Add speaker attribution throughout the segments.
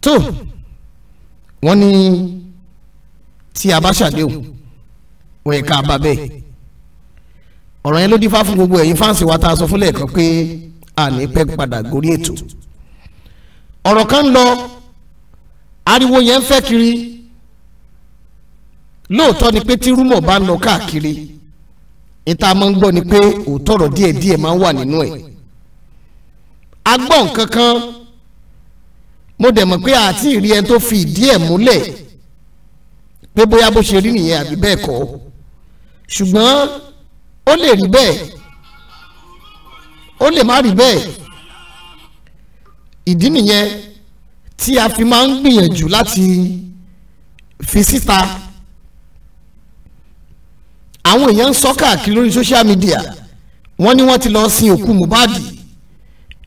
Speaker 1: tó wọ́n ní tí a bá ṣàdéhùn wọ́n yẹ ká bá bẹ́ẹ̀ ọ̀rọ̀ yẹn ló dífá fún gbogbo ẹ̀yin fáǹsì wa tá a sọ fún lẹ́ẹ̀kan pé a ní pẹ́ padà gorí ètò ọ̀rọ̀ kan lọ ariwo yẹn ń fẹ́ kiri lóòótọ́ ni pé tí rúmọ̀ bá ń lọ káàkiri níta máa ń gbọ́ ni pé òótọ́ ọ̀rọ̀ díẹ̀díẹ̀ máa ń wà nínú ẹ̀ a gbọ́ mo dẹ̀ mọ̀ pé àti ìrí ẹni tó fi ìdí ẹ̀ múlẹ̀ pé bóyá bó ṣe rí nìyẹn àbí bẹ́ẹ̀ kọ́ ṣùgbọ́n ó lè rí bẹ́ẹ̀ ó lè má rí bẹ́ẹ̀ ìdí nìyẹn tí a fi máa ń gbìyànjú láti fi síta àwọn èèyàn ń sọ káàkiri lórí social media wọ́n ní wọ́n ti lọ sin òkú Mohbad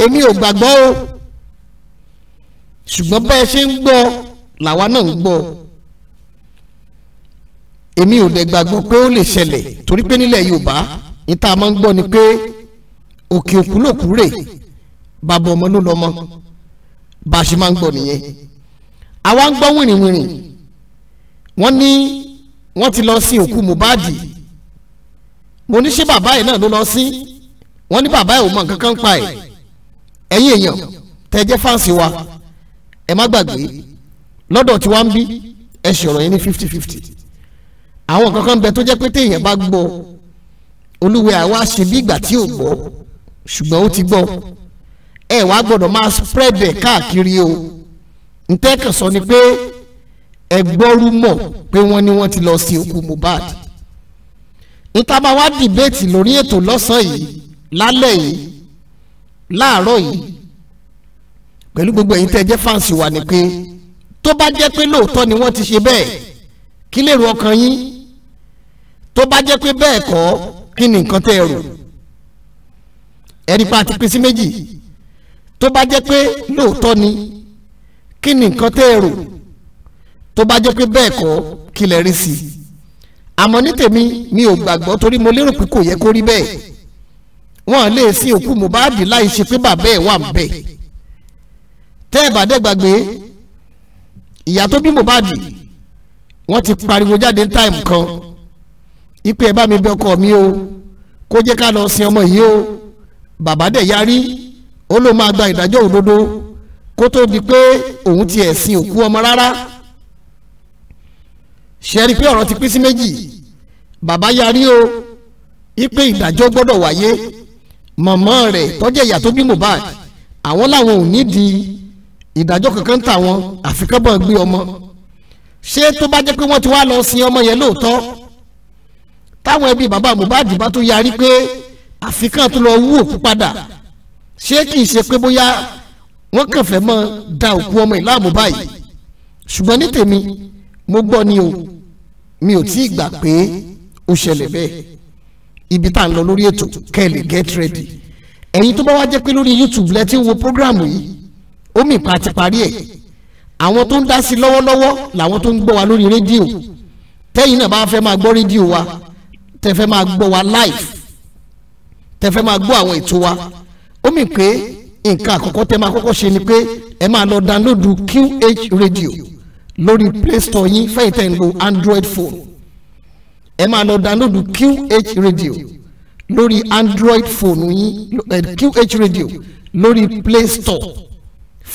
Speaker 1: èmi ò gbàgbọ́ o ṣùgbọ́n bá ẹ ṣe ń gbọ́ làwa náà ń gbọ́ èmi ò dẹ̀ gbàgbọ́ pé ó lè ṣẹlẹ̀ torí pé nílẹ̀ Yorùbá ní tá a máa ń gbọ́ ni pé òkè òkú lòkú rè bàbá ọmọ ló lọ́mọ bá a ṣe máa ń gbọ́ nìyẹn àwa ń gbọ́ wìrìwìrì wọ́n ní wọ́n ti lọ sí òkú Mohbad mo ní ṣé bàbá yìí náà ló lọ sí wọ́n ní bàbá yìí ò mọ nǹkan kan pa ẹ̀ ẹ̀yin èèyàn tẹ́ jẹ́ fáǹsì wa ẹ má gbàgbé lọ́dọ̀ tí wọ́n ń bí ẹ ṣọ̀rọ̀ yẹn ní fifty fifty àwọn kankan bẹ tó jẹ́ pé téèyàn bá gbọ́ olúwẹ̀ àwa ṣe bí ìgbà tí ò gbọ́ ṣùgbọ́n ó ti gbọ́ ẹ wá gbọ́dọ̀ máa spread ẹ̀ káàkiri o ntẹ́kàn sọ ni pé ẹ gbọ́rú mọ̀ pé wọ́n ní wọ́n ti lọ sí òkú Mohbad níta bá lórí ètò lọ́sàn-án yìí lálẹ́ yìí láàárọ̀ yìí pẹ̀lú gbogbo ẹ̀yin tẹ́ jẹ́ fáǹsì wa ni pé tó bá jẹ́ pé lóòótọ́ ni wọ́n ti ṣe bẹ́ẹ̀ kí lè ro ọkàn yín tó bá jẹ́ pé bẹ́ẹ̀ kọ́ kí ni nǹkan tẹ́ ẹ rò ẹ̀rí pa àti pín sí méjì tó bá jẹ́ pé lóòótọ́ ni kí ni nǹkan tẹ́ ẹ rò tó bá jẹ́ pé bẹ́ẹ̀ kọ́ kí lè rí sí i àmọ́ ní tèmi mi ò gbàgbọ́ torí mo lérò pé kò yẹ kó rí bẹ́ẹ̀ wọ́n lè sin òkú Mohbad láì ṣe pé bàbá ẹ̀ wà bẹ́ẹ̀ tẹ́ ẹ̀ bá dẹ́ gbàgbé ìyá tó bí Mohbad wọ́n ti pariwo jáde táìmù kan ipe ẹ̀ bá mi bẹ ọkọ mi o kó jẹ́ ká lọ sin ọmọ yìí o bàbá dẹ̀ yarí ó ló máa gba ìdájọ́ òdodo kó tó di pé òun tiẹ̀ sin òkú ọmọ rárá ṣẹ́rí pé ọ̀rọ̀ ti pín sí méjì bàbá yarí o ipe ìdájọ́ gbọ́dọ̀ wáyé mọ̀mọ́ rẹ̀ tọ́jẹ́ ìyá tó bí Mohbad àwọn làwọn ò nídìí ìdájọ́ kankan ń tà wọ́n àfikọ́bọ̀ gbé ọmọ ṣé tó bá jẹ́ pé wọ́n ti wá lọ sin ọmọ yẹn lóòótọ́ táwọn ẹbí bàbá Mohbad bá tó yarí pé àfikàn tó lọ wú òkú padà ṣé kì í ṣe pé bóyá wọ́n kàn fẹ́ mọ́ da òkú ọmọ yìí láàmú báyìí ṣùgbọ́n ní tèmi mo gbọ́ ni o mi ò tí ì gbà pé ó ṣẹlẹ̀ bẹ́ẹ̀ ibi tá à ń lọ lórí ètò kẹ́ get ready ẹ̀yin tó bá wá jẹ́ pé lórí YouTube lẹ ti ń wo prógráàmù yìí Omi mì pa ti parí ẹ̀ àwọn tó ń dá sí lọ́wọ́lọ́wọ́ làwọn tó ń gbọ́ wa lórí rédíò tẹ́yìn náà bá fẹ́ máa gbọ́ rédíò wa tẹ́ fẹ́ máa gbọ́ wa live tẹ́ fẹ́ máa gbọ́ àwọn ètò wa ó mì pé nǹkan àkọ́kọ́ tẹ́ máa kọ́kọ́ ṣe ni pé ẹ máa lọ download QH radio lórí play store yín fẹ́yìn tẹ́ ń lo android phone ẹ máa lọ download QH radio lórí android phone yín QH eh, radio lórí play store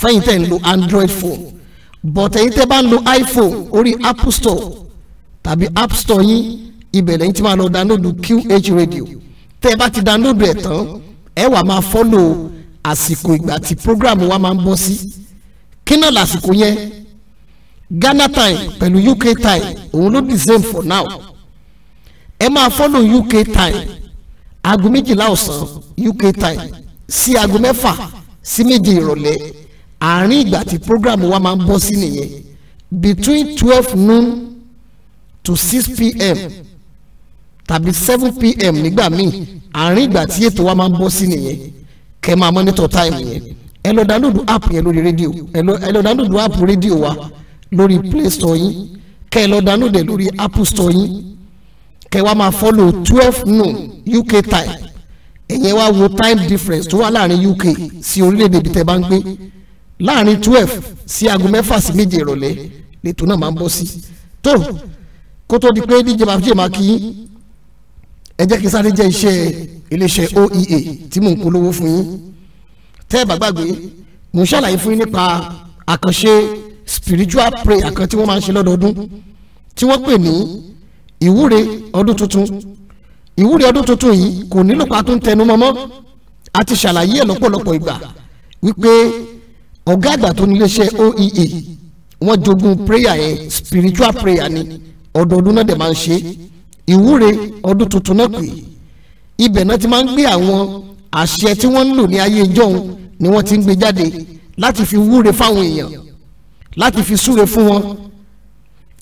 Speaker 1: fẹ́yìn tẹ́ ń lo android phone but ẹ̀yin tẹ́ bá ń lo iphone orí App store tàbí app store yín ibẹ̀ lẹ́yìn tí máa lọ download qh radio tẹ́ bá ti download ẹ̀ tán ẹ wà máa follow àsìkò ìgbà tí program wa máa ń bọ́ sí kí náà lásìkò yẹn ghana time pẹ̀lú uk time òun ló di same for now ẹ máa follow uk time aago méjìlá ọ̀sán uk time sí aago mẹ́fà sí méje ìrọ̀lẹ́ àárín ìgbà tí program wa máa ń bọ́ sí nìyẹn between twelve noon to six pm tàbí seven pm nígbà míì àárín ìgbà tí ètò wa máa ń bọ́ sí nìyẹn kẹ́ máa monitor time yẹn ẹ lọ download app yẹn lórí rédíò ẹ lọ download app rédíò wa lórí play store yín kẹ́ ẹ lọ download ẹ lórí apple store yín kẹ́ wa máa follow twelve noon uk time ẹ̀yẹn wá wo time difference tó wà láàrin uk sí orílẹ̀-èdè ibi tẹ́ bá ń gbé láàrin twelve sí aago mẹ́fà sí méje ìrọ̀lẹ́ lẹ́tò náà máa ń bọ́ sí tó kó tó di pé díje máa fi jẹ́ máa kí ẹ jẹ́ kí sáré jẹ́ iṣẹ́ iléeṣẹ́ oea tí mò ń polówó fún yín tẹ́ ẹ bá gbàgbé mò ń ṣàlàyé fún yín nípa àkànṣe spiritual prayer kan tí wọ́n máa ń ṣe lọ́dọọdún tí wọ́n pè ní ìwúre ọdún tuntun ìwúre ọdún tuntun yìí kò nílò pa tó ń tẹnu mọ́mọ́ a ṣàlàyé ẹ̀ lọ́pọ̀lọpọ̀ ìgbà wípé ọ̀gá àgbà tó níléeṣẹ́ oea wọ́n jogún prayer yẹn spiritual prayer ni ọdọọdún náà dẹ̀ máa ń ṣe ìwúre ọdún tuntun náà pè ibẹ̀ náà ti máa ń gbé àwọn àṣẹ tí wọ́n ń lò ní ayé ìjọ́un ni wọ́n ti ń gbé jáde láti fi wúre fáwọn èèyàn láti fi súre fún wọn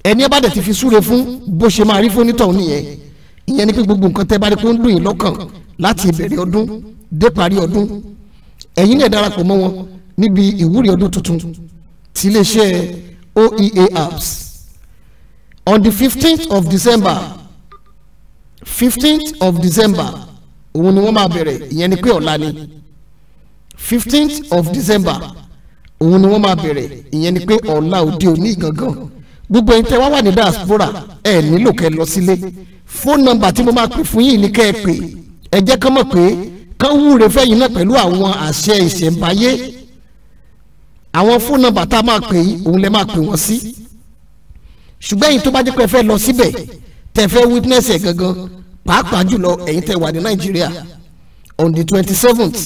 Speaker 1: ẹni ẹ bá dẹ̀ ti fi súre fún bó ṣe máa rí fún onítọ̀hún nìyẹn ìyẹn ni pé gbogbo nǹkan tẹ́ bá rí pé ń dùn yín lọ́kàn láti ìbẹ̀rẹ̀ ọdún dé parí ọdún ẹ̀yin náà darapọ̀ mọ́ wọn níbi ìwúrí ọdún tuntun ti iléeṣẹ́ oea apps on the fifteenth of december fifteenth of december òun ni wọ́n máa bẹ̀rẹ̀ ìyẹn ni pé ọ̀la ni fifteenth of december òun ni wọ́n máa bẹ̀rẹ̀ ìyẹn ni pé ọ̀la òde òní gangan gbogbo ẹni tẹ́ wá wà ní diaspora ẹ nílò kẹ́ lọ sílé fóònù nọ́mbà tí mo máa pè fún yín ni kẹ́ ẹ pè ẹ jẹ́ kán mọ̀ pé kán wúre fẹ́yìn náà pẹ̀lú àwọn àṣẹ ìṣẹ̀ǹbáyé àwọn fóònù nọ́mbà tá a máa pè yín òun lè máa pè wọ́n sí ṣùgbọ́n ẹ̀yin tó bá jẹ́ pé ẹ fẹ́ lọ síbẹ̀ tẹ́ fẹ́ witness ẹ̀ gangan pàápàá jùlọ ẹ̀yin tẹ́ wà ní nàìjíríà on the twenty seventh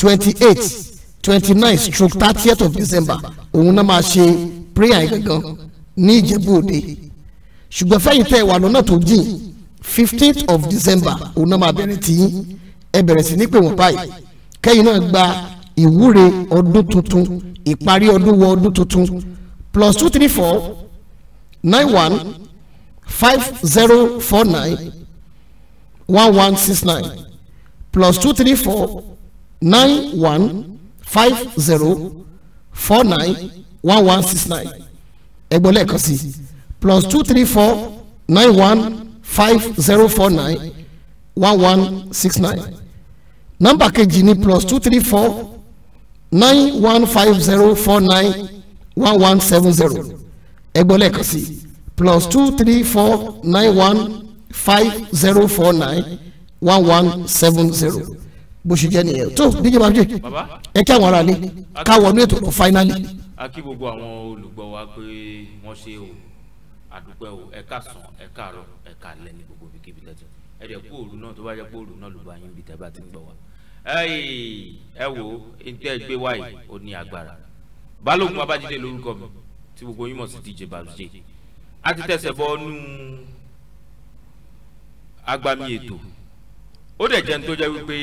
Speaker 1: twenty eighth twenty nine stroke thirtieth of december òun náà máa ṣe prayer yẹn gangan ní ìjẹ̀bú òde ṣùgbọ́n fẹ́yìn tẹ́ wà lọ́nà tó jìn fifteenth of december òun náà máa bẹ̀rẹ̀ tì yín ẹ bẹ̀rẹ̀ sí ní pè wọ́n báyìí kẹ́yìn náà gba ìwúre ọdún tuntun ìparí ọdún wọ ọdún tuntun plus two three four nine one five zero four nine one one six nine plus two three four nine one five zero four nine one one six nine ẹgbọ́n lẹ́ẹ̀kan sí plus two three four nine one five zero four nine one one six nine nọ́mbà kejì ni plus two three four nine one five zero four nine one one seven zero ẹgbọ́n lẹ́ẹ̀kan sí plus two three four nine one five zero four nine one one seven zero bó ṣe jẹ́ nìyẹn tó díje bàbá jẹ́ ẹ kí àwọn ará lé káwọn ní ètò lọ fáínálì.
Speaker 2: a kí gbogbo àwọn olùgbọ́ wa pé wọ́n ṣe o àdúpẹ́ o ẹ káàsán ẹ káàárọ̀ ẹ káalẹ́ ní gbogbo ibikíbi tẹ́tí ẹ jẹ́ kó náà tó bá jẹ́ kó náà ló bá yín bí tẹ́ bá ti ń gbọ́ wa ẹ wò ó ntẹ́ gbé wáyé ó ní agbára balógun babájídé lórúkọ mi tí gbogbo yín mọ̀ sí DJ Balógun
Speaker 1: a ti tẹsẹ̀ bọ́
Speaker 2: nú agbami ètò ó dẹ̀ jẹun tó jẹ́ wípé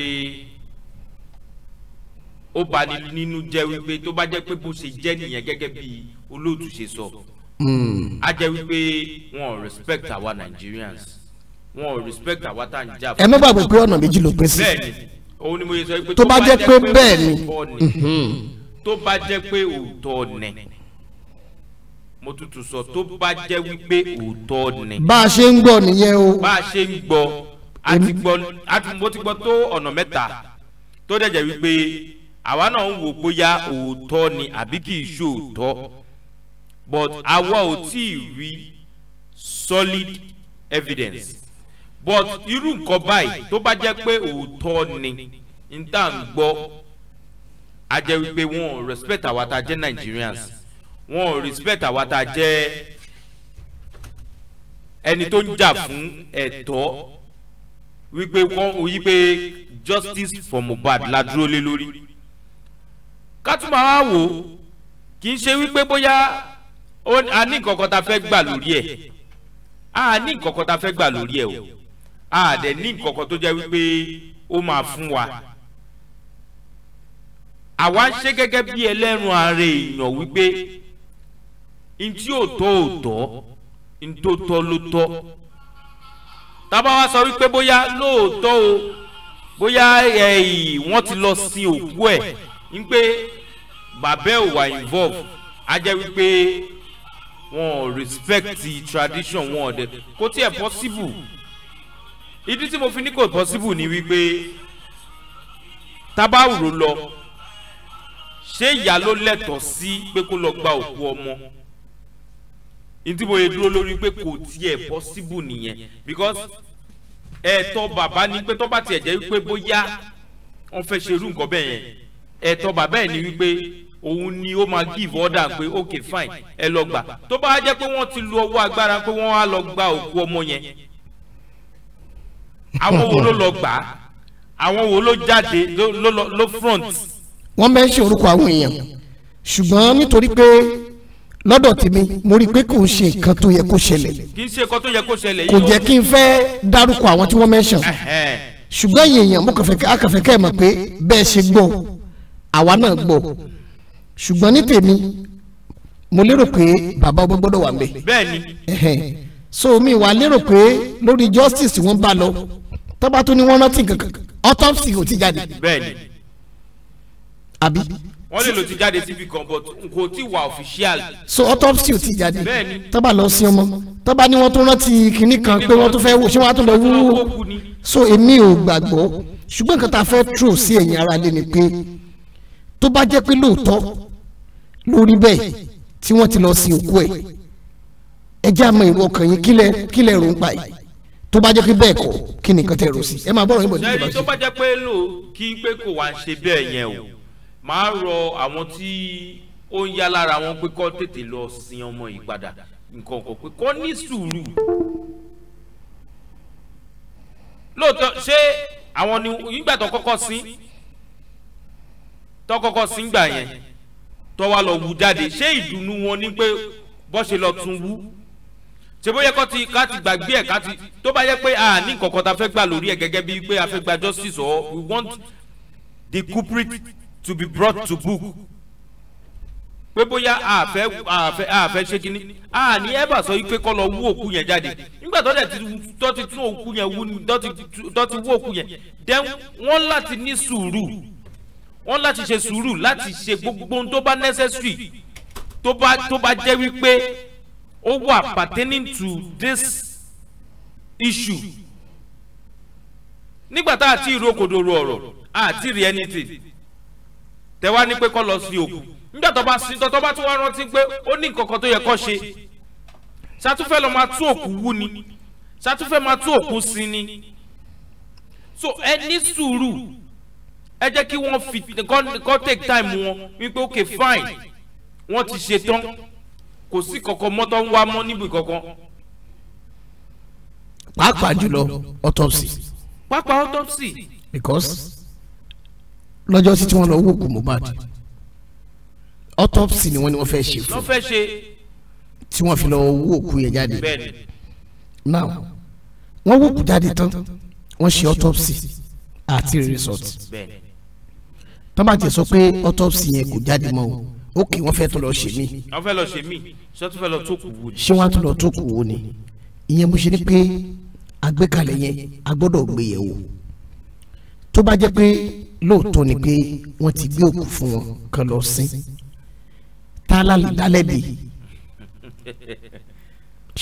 Speaker 2: ó bani nínú jẹ́ wípé tó bá jẹ́ pé bó ṣe jẹ́ nìyẹn gẹ́gẹ́ bí olóòtú ṣe sọ hmm. a jẹ́ wípé wọn ò respect àwa Nigerians wọn ò respect àwa tá à ń jà fún. ẹ má gbàgbọ́ pé ọ̀nà méjì ló pín sí. bẹ́ẹ̀ni òun ni mo yẹ sọ pé tó bá jẹ́ pé bẹ́ẹ̀ ni mhm. tó bá jẹ́ pé òótọ́ ni mo tutù sọ tó bá jẹ́ wípé òótọ́ ni. bá a ṣe ń gbọ́ nìyẹn o. bá a ṣe ń gbọ́ àti mo ti gbọ́ tó ọ̀nà mẹ́ta tó dẹ̀ wípé àwa náà ń wò bóyá òótọ́ ni àbí kì í ṣe òótọ́ but àwa ò tí ì rí solid evidence but irú nǹkan báyìí tó bá jẹ́ pé òótọ́ ni n tá à ń gbọ́ a jẹ́ wípé wọn respect àwa tá a jẹ́ Nigerians wọn respect àwa tá a jẹ́ ẹni tó ń jà fún ẹ̀tọ́ wípé wọ́n wípé justice for Mohbad la dúró lé lórí ká tún máa wò ó kì í ṣe wípé bóyá a ní nǹkan kan tá a fẹ́ gbà lórí ẹ̀ a ní nǹkan kan tá a fẹ́ gbà lórí ẹ̀ o a dẹ̀ ní nkankan tó jẹ́ wípé ó máa fún wa àwa ń ṣe gẹ́gẹ́ bí ẹlẹ́run ara èèyàn wípé ntí ò tọ́ ò tọ́ ntó tọ́ ló tọ́ tábà wá sọ wípé bóyá lóòótọ́ o bóyá ẹ̀yìn wọ́n ti lọ sin òkú ẹ̀ ń pé bàbá ẹ̀ wà involve á jẹ́ wípé wọn ò respect tradition wọn ò dẹ̀ kó tiẹ̀ possible ìdí tí mo fi ní kò possible ni wípé tábàwòrò lọ ṣé ìyá ló lẹ́tọ̀ọ́ sí pé kó lọ gba òkú ọmọ ìdí mo yẹ dúró lórí pé kò tiẹ̀ possible nìyẹn because ẹ̀tọ́ bàbá ni pé tó bá tiẹ̀ jẹ́ wípé bóyá wọ́n fẹ́ ṣerú nǹkan bẹ́ẹ̀ yẹn ẹ̀tọ́ bàbá ẹ̀ ni wípé òun ni ó máa give order pé ok fine ẹ lọ gbà tó bá jẹ́ pé wọ́n ti lu ọwọ́ agbára pé wọ́n á lọ gba òkú ọmọ yẹn àwọn wo ló lọ gbà á àwọn wo ló jáde ló lọ ló front.
Speaker 1: wọ́n mẹ́ṣẹ̀ orúkọ àwọn èèyàn ṣùgbọ́n nítorí pé lọ́dọ̀ tèmi mo rí i pé kò ń ṣe nǹkan tó yẹ kó ṣẹlẹ̀
Speaker 2: kì í ṣe nǹkan tó yẹ kó ṣẹlẹ̀ kò jẹ́ kí n
Speaker 1: fẹ́ dárúkọ àwọn tí wọ́n mẹ́ṣẹ̀ ṣùgbọ́n èèyàn mo kàn fẹ́ kẹ́ ẹ̀ mọ̀ pé bẹ́ẹ̀ ṣe gbọ́ àwa náà gbọ́ ṣùgbọ́n ní tèmi mo lérò pé bàbá ọgbọ́n gbọ́dọ̀ wà ń bẹ̀. so mi wà lérò pé lórí justice wọ́n bá lọ tọ́ba tó ní wọ́n rántí kankan autopsy ò ti jáde. bẹ́ẹ̀ni àbí.
Speaker 2: wọ́n lè lò ti jáde síbi kan but kò tí wà official.
Speaker 1: so autopsy ò ti jáde. bẹ́ẹ̀ni tọ́ba lọ sí ọmọ tọ́ba ní wọ́n tún rántí kinní kan pé wọ́n tún fẹ́ wò ṣé wọ́n á tún lọ wú. so èmi ò gbàgbọ́ ṣùgbọ́n nǹkan tá a fẹ́ trò sí ẹ̀yin ara lé ni pé tó bá jẹ́ pé lóòótọ́ lórí bẹ́ẹ̀ tí wọ́n ti lọ sin òkú ẹ̀ ẹ jẹ́ àmọ́ èrò yín kílẹ̀ kílẹ̀ rò yìí tó bá jẹ́ pé bẹ́ẹ̀ kọ́ kí ni nǹkan tẹ̀ rò sí ẹ máa bọ̀rọ̀ yín bọ̀ nígbà tí. tó bá jẹ́ pé lò
Speaker 2: kí pé kò wá ṣe bẹ́ẹ̀ yẹn o máa rọ àwọn tí ó ń yá lára wọn pé kó tètè lọ sin ọmọ yìí padà nǹkan kan pé kó ní sùúrù. lóòótọ́ ṣé àwọn ni nígbà tó kọ́kọ́ sin tó kọ́kọ́ sin gbà yẹn tó wá lọ wú jáde ṣé ìdùnnú wọn ni pé bó ṣe lọ tún wú ṣe bóyá kọ́ ti ká ti gbàgbé ẹ̀ ká ti tó bá yẹ pé a ní nǹkan kan ta fẹ́ gbà lórí ẹ̀ gẹ́gẹ́ bíi pé a fẹ́ gba justice or we want the culprit to be brought to book pé bóyá a fẹ́ a fẹ́ a fẹ́ ṣé kínní a ní ẹ bá sọ yìí pé kọ́ lọ wú òkú yẹn jáde nígbà tó dẹ̀ ti tó ti tún òkú yẹn wú ni tó ti wú òkú yẹn then wọ́n láti ní sùúrù wọ́n láti ṣe sùúrù láti ṣe gbogbo ohun tó bá necessary tó bá tó bá jẹ́ wípé over pertaining to this issue nígbà tá a ti ro kòdòrò ọ̀rọ̀ a ti rí anything tẹ́wá ní pé kọ́ lọ sí òkú nígbà tó bá sí tó bá tún wá rántí pé ó ní nǹkan kan tó yẹ kó ṣe ṣàtúfẹ́ lọ́ọ́ máa tún òkú wú ni ṣàtúfẹ́ máa tún òkú sí ni so ẹ ní sùúrù ẹ jẹ́ kí wọ́n fi kọ́ take time wọn wípé ok fine wọ́n ti ṣe tán kò sí kankan mọ́tọ́ ń wá mọ́ níbi kankan.
Speaker 1: pàápàá jùlọ autopsy.
Speaker 2: pàápàá autopsy.
Speaker 1: because lọ́jọ́ sí tí wọ́n lọ wòkú Mohbad autopsy ni wọ́n ní wọ́n fẹ́ ṣe fún tí wọ́n fi lọ wòkú yẹn jáde now wọ́n wòkú jáde tán wọ́n ṣe autopsy àti result tọ́ba ti sọ pé autopsy yẹn kò jáde mọ́ o ó kì wọ́n fẹ́ tó lọ ṣe mí. wọ́n
Speaker 2: fẹ́ lọ ṣe mí ṣé tó fẹ́ lọ tó kù wò ni. ṣé wọ́n á tó
Speaker 1: lọ tó kù wò ni ìyẹn mo ṣe ni pé àgbékalẹ̀ yẹn a gbọ́dọ̀ gbé yẹ̀ wò tó bá jẹ́ pé lóòótọ́ ni pé wọ́n ti gbé òkú fún wọn kan lọ sin tá a lálẹ́ dálẹ́ bì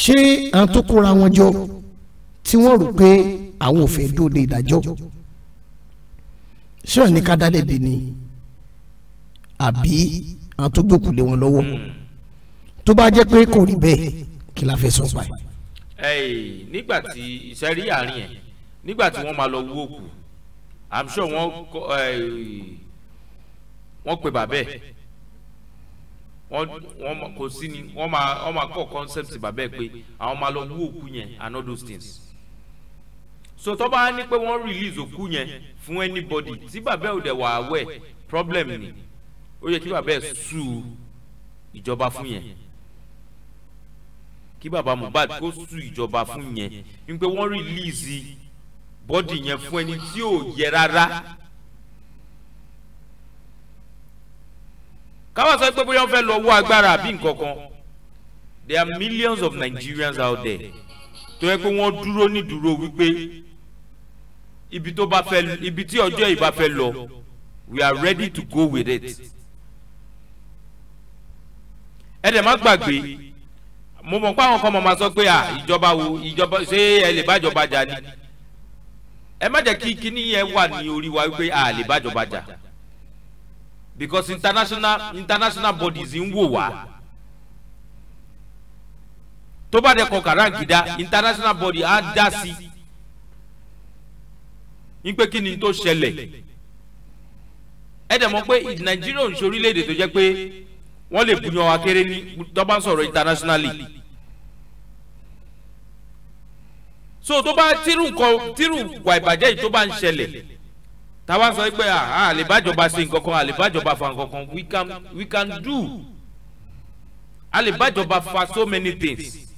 Speaker 1: ṣé àwọn tó kóra wọn jọ tí wọ́n rò pé àwọn ò fẹ́ dóde ìdájọ́ ṣé wọn ní ká dálẹ̀ bì ni àbí àwọn tó gbòkú lé wọn lọ́wọ́ hmm. tó bá jẹ́ pé kò rí bẹ́ẹ̀ kí la fẹ́ sọ pa ẹ̀.
Speaker 2: ẹ̀ẹ́ nígbà tí ìṣẹ́rí àárín ẹ̀ nígbà tí wọ́n máa lọ wú òkú i'm sure wọ́n wọ́n pe bàbá ẹ̀ wọ́n kò sí ni wọ́n máa wọ́n máa kọ́ concept bàbá ẹ̀ pé àwọn máa lọ wú òkú yẹn and all those things so tó bá ní pé wọ́n release òkú yẹn fún anybody tí bàbá ẹ̀ ò dẹ̀ wà awẹ́ problem ni ó yẹ kí bàbá ẹ̀ sú ìjọba fún yẹn kí bàbá Mohbad kó sú ìjọba fún yẹn wípé wọ́n rìlíìsì bọ́dì yẹn fún ẹni tí ò yẹ rárá. káwá sọ pé bóyá wọ́n fẹ́ lọ wọ agbára àbí nǹkan there are millions of Nigerians out there tó yẹ pé wọ́n dúró nídúró wípé ibi tó bá fẹ́ ibi tí ọjọ́ yìí bá fẹ́ lọ we are ready to go with it ẹ dẹ̀ má gbàgbé mo mọ̀ pé àwọn kan mọ̀ máa sọ pé à ìjọba wo ìjọba ṣé ẹ lè bá ìjọba jà ni ẹ má jẹ́ kí kíní yẹn wà ní orí wa wípé à lè bá ìjọba jà because international international bodies ń wò wá tó bá dẹ̀ kọ kàràǹgídá international body á dá sí i ń pé kí ni tó ṣẹlẹ̀ ẹ dẹ̀ mọ̀ pé Nàìjíríà ń ṣe orílẹ̀-èdè tó jẹ́ pé wọ́n lè buyan wa kéré ní tó ń sọ̀rọ̀ internationally. so tó bá tírù nǹkan tírù wà ìbàjẹ́ yìí tó bá ń ṣẹlẹ̀ táwa sọ pé àlèbájọba ṣe nǹkan kan àlèbájọba fa nǹkan kan we can we can do àlèbájọba fa so many things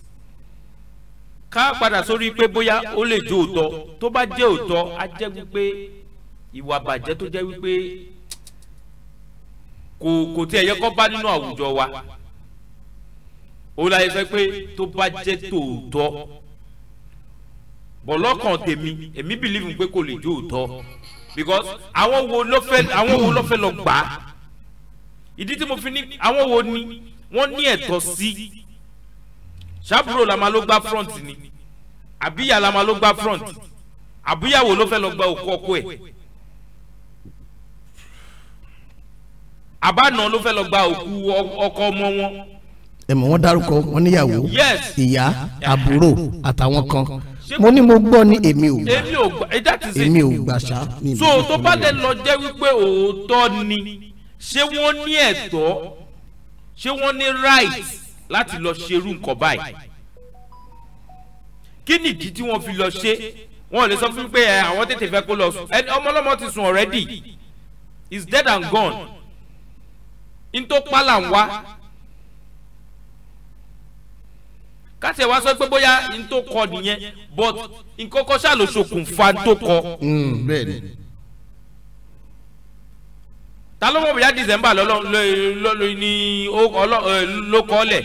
Speaker 2: ká padà sórí pé bóyá ó lè jẹ́ òótọ́ tó bá jẹ́ òótọ́ á jẹ́ wípé ìwà bàjẹ́ tó jẹ́ wípé kò kò tí ẹ yẹ kó bá nínú àwùjọ wa olùdarí sọ pé tó bá jẹ́ tòótọ́ bọ̀ lọ́kàn tèmi èmi bìlíìfù pé kò lè jó because àwọn wo ló fẹ́ àwọn wo ló fẹ́ lọ gbà á ìdí tí mo fi ní àwọn wo ni wọ́n ní ẹ̀tọ́ sí ṣàbúrò la máa ló gbá front ni àbíyà la máa ló gbá front àbíyàwó ló fẹ́ lọ gba òkú ọkọ ẹ̀. àbáná ló fẹ́ lọ gba òkú ọkọ ọmọ wọn.
Speaker 1: ẹ mọ̀ wọ́n dárúkọ wọn níyàwó ìyá àbúrò àtàwọn kan mo ní mo gbọ́ ní èmi ò gbà èmi ò gbà eh, ṣá. so tó bá lè lọ
Speaker 2: jẹ́ wípé òótọ́ ni ṣé wọ́n ní ẹ̀tọ́ ṣé wọ́n ní right láti lọ ṣerú nǹkan báyìí kí nìdí tí wọ́n fi lọ ṣe wọn ò lè sọ fún mi pé eh, àwọn tètè fẹ́ kó lọ sùn ọmọ ọlọ́mọ ti sùn already is dead and gone ntó pálá ń wá kásẹ̀ wá sọ pé bóyá ntó kọ nìyẹn but nkókó ṣàlò ṣokùnfà ntó kọ. Hmm, ta ló mọ̀ bóyá december lọ́lọ́ ní ló kọ́ lẹ̀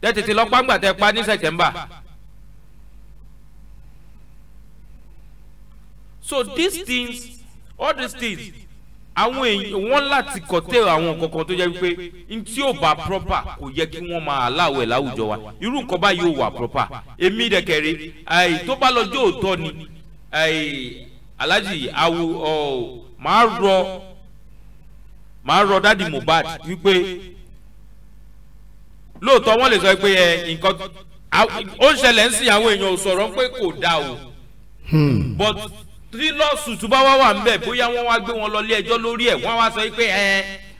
Speaker 2: tẹ́ pa ní september. so these things all these things àwọn èèyàn wọn láti kọ̀tẹ́ àwọn kankan tó jẹ́ wípé n tí ò bá proper kò yẹ kí wọ́n máa aláwẹ̀ láwùjọ wa irú nǹkan báyìí ò wà proper èmi dẹ̀kẹ̀rẹ́ àì tó bá lọ́jọ́ òótọ́ ni àì alájì awo ọ màá rọ màá rọ dádì Mohbad wípé lóòótọ́ wọ́n lè sọ pé ẹ nǹkan ó ń ṣẹlẹ̀ ń sìn àwọn èèyàn ò sọ̀rọ̀ pé kò dáa o hmm. but tí lọ́sùtù bá wá wà ń bẹ̀ bóyá wọ́n wá gbé wọn lọ ilé ẹjọ́ lórí ẹ̀ wọ́n wá sọ pé ẹ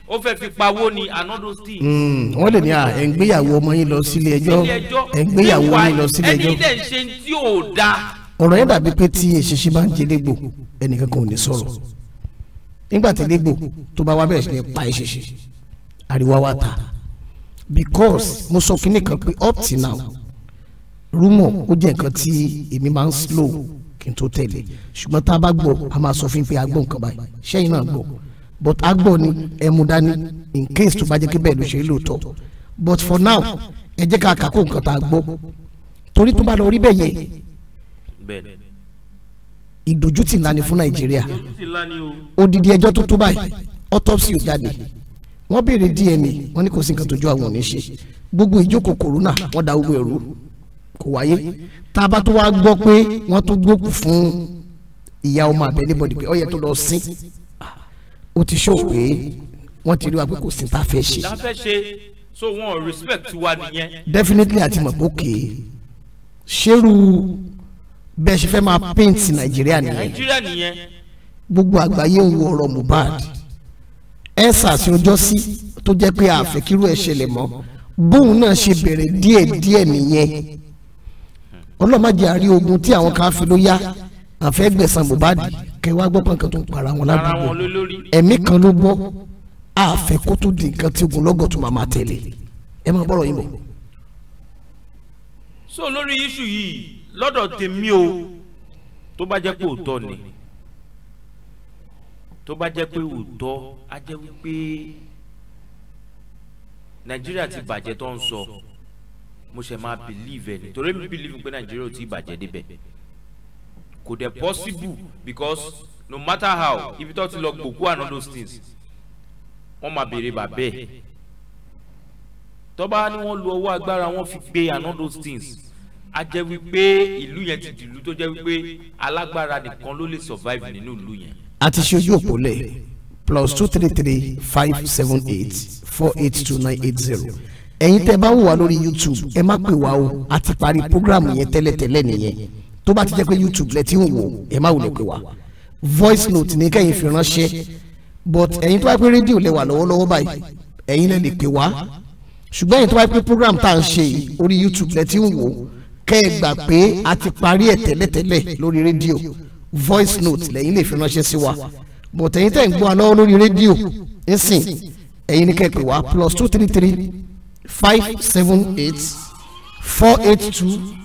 Speaker 2: ó fẹ́ fi pawó ni another state.
Speaker 1: Hmm, wọ́n lè ní à ẹ̀ ń gbéyàwó ọmọ yín lọ sílé ẹjọ́ ẹ̀ ń gbéyàwó yín lọ sílé ẹjọ́. ẹni
Speaker 2: dẹ̀ ń ṣe tí ò da.
Speaker 1: ọ̀rọ̀ yẹn dàbí pé tí èṣìṣe máa ń jẹ légbò ẹnìkan kan ò ní sọ̀rọ̀ nígbà tí légbò tó bá wá bẹ̀rẹ̀ sí pa èṣìṣe àríwá wa ta because mo sọ fún nìkan pé up till now rumor ó jẹ́ nǹkan tí èmi máa ń slow kí n tó tẹ̀lé ṣùgbọ́n tá a bá gbọ́ a máa sọ fún pé a gbọ́ nǹkan báyìí ṣẹ́yìn náà gbọ́ but a gbọ́ ni ẹ mú dání in case tó bá jẹ́ kí bẹ́ẹ̀ ló ṣe é lóòótọ́ but for now ẹ jẹ́ ká kàkó nǹkan tá a gbọ́ torí tó bá lọ rí bẹ́ẹ̀ yẹn ìdójútì ńlá ni fún nàìjíríà odidi ẹjọ́ tó tó báyìí autopsy ò jáde wọ́n béèrè DNA wọ́n ní kò sí nǹkan tójú àwọn ò ní ṣe gbogbo ìjókòó corona wọ́n da gbogbo ẹ̀rú kò wáyé tá a bá tó wá gbọ́ pé wọ́n tó gbókù fún ìyá ọmọ abẹ níbọdì pé ó yẹ tó lọ sin ó ti ṣó pé wọ́n ti rí wa pé kò sí tá a fẹ́
Speaker 2: ṣe. so wọn ò respect wa nìyẹn.
Speaker 1: definitely àti mọ̀ pé òkè ṣerú bẹ́ẹ̀ ṣe fẹ́ máa paint nàìjíríà nìyẹn.
Speaker 2: nàìjíríà nìyẹn.
Speaker 1: gbogbo àgbáyé ń wo ọ̀rọ̀ Mohbad ẹ sàṣin ọjọ́ sí tó jẹ́ pé àfẹ́kírú ẹ̀ ṣẹlẹ̀ mọ́ bóun náà ṣe bẹ̀rẹ̀ díẹ̀díẹ̀ nìyẹn ọlọ́màjì àrí ogun tí àwọn kan fi ló yá àfẹ́ gbẹ̀sán Mohbad kẹ́ wá gbọ́ pàǹkan tó ń para wọn ládùúgbò ẹ̀mí kan ló gbọ́ àfẹ́ kó tó di nǹkan tí ogun lọ́gọ̀ tó máa máa tẹ̀lé ẹ máa bọ̀rọ̀ yín bọ̀.
Speaker 2: so lórí iṣu yìí lọ́dọ̀ tèmi o tó bá jẹ́ pé òótọ́ ni tó bá jẹ́ pé òótọ́ á jẹ́ wípé Nàìjíríà ti bàjẹ́ tó ń sọ. So mo ṣe máa believe ẹ nítorí mi believe pé nàìjíríà ò tí ì bàjẹ́ débẹ̀ kò dẹ̀ possible because no matter how ibi tó ti lọ gbòkú and all those things wọ́n máa béèrè bàbẹ́ ẹ̀ tọ́ba ni wọ́n lu ọwọ́ agbára wọ́n fi gbé and all those things a jẹ́ wípé ìlú yẹn ti dìlú tó jẹ́ wípé alágbára nìkan ló lè survive nínú ìlú yẹn.
Speaker 1: a ti ṣojú òpó lẹ̀ plus two three three five seven eight four eight two nine eight zero ẹ̀yin tẹ́ bá wò wá lórí YouTube ẹ má pè wá o a ti parí programu yẹn tẹ́lẹ̀tẹ́lẹ̀ nìyẹn tó bá ti jẹ́ pé YouTube lẹ ti ń wò ẹ má wulẹ̀ pè wá voice note ní kẹ́yìn fi ránṣẹ́ but ẹ̀yin tó bá pé rédíò lẹ wà lọ́wọ́lọ́wọ́ báyìí ẹ̀yin lẹ lè pè wá ṣùgbọ́n ẹ̀yin tó bá pé program tá à ń ṣe yìí orí YouTube lẹ ti ń wò kẹ́ ẹ gbà pé a ti parí ẹ̀ tẹ́lẹ̀tẹ́lẹ̀ lórí rédíò voice note lẹ́yìn lè fi ránṣẹ́ sí wa but ẹ̀yin tẹ́ ń gbọ́ wa lọ́wọ́ lórí rédíò ń sìn ẹ̀yin ní kẹ́ pè wá plus two three three five seven eight four eight two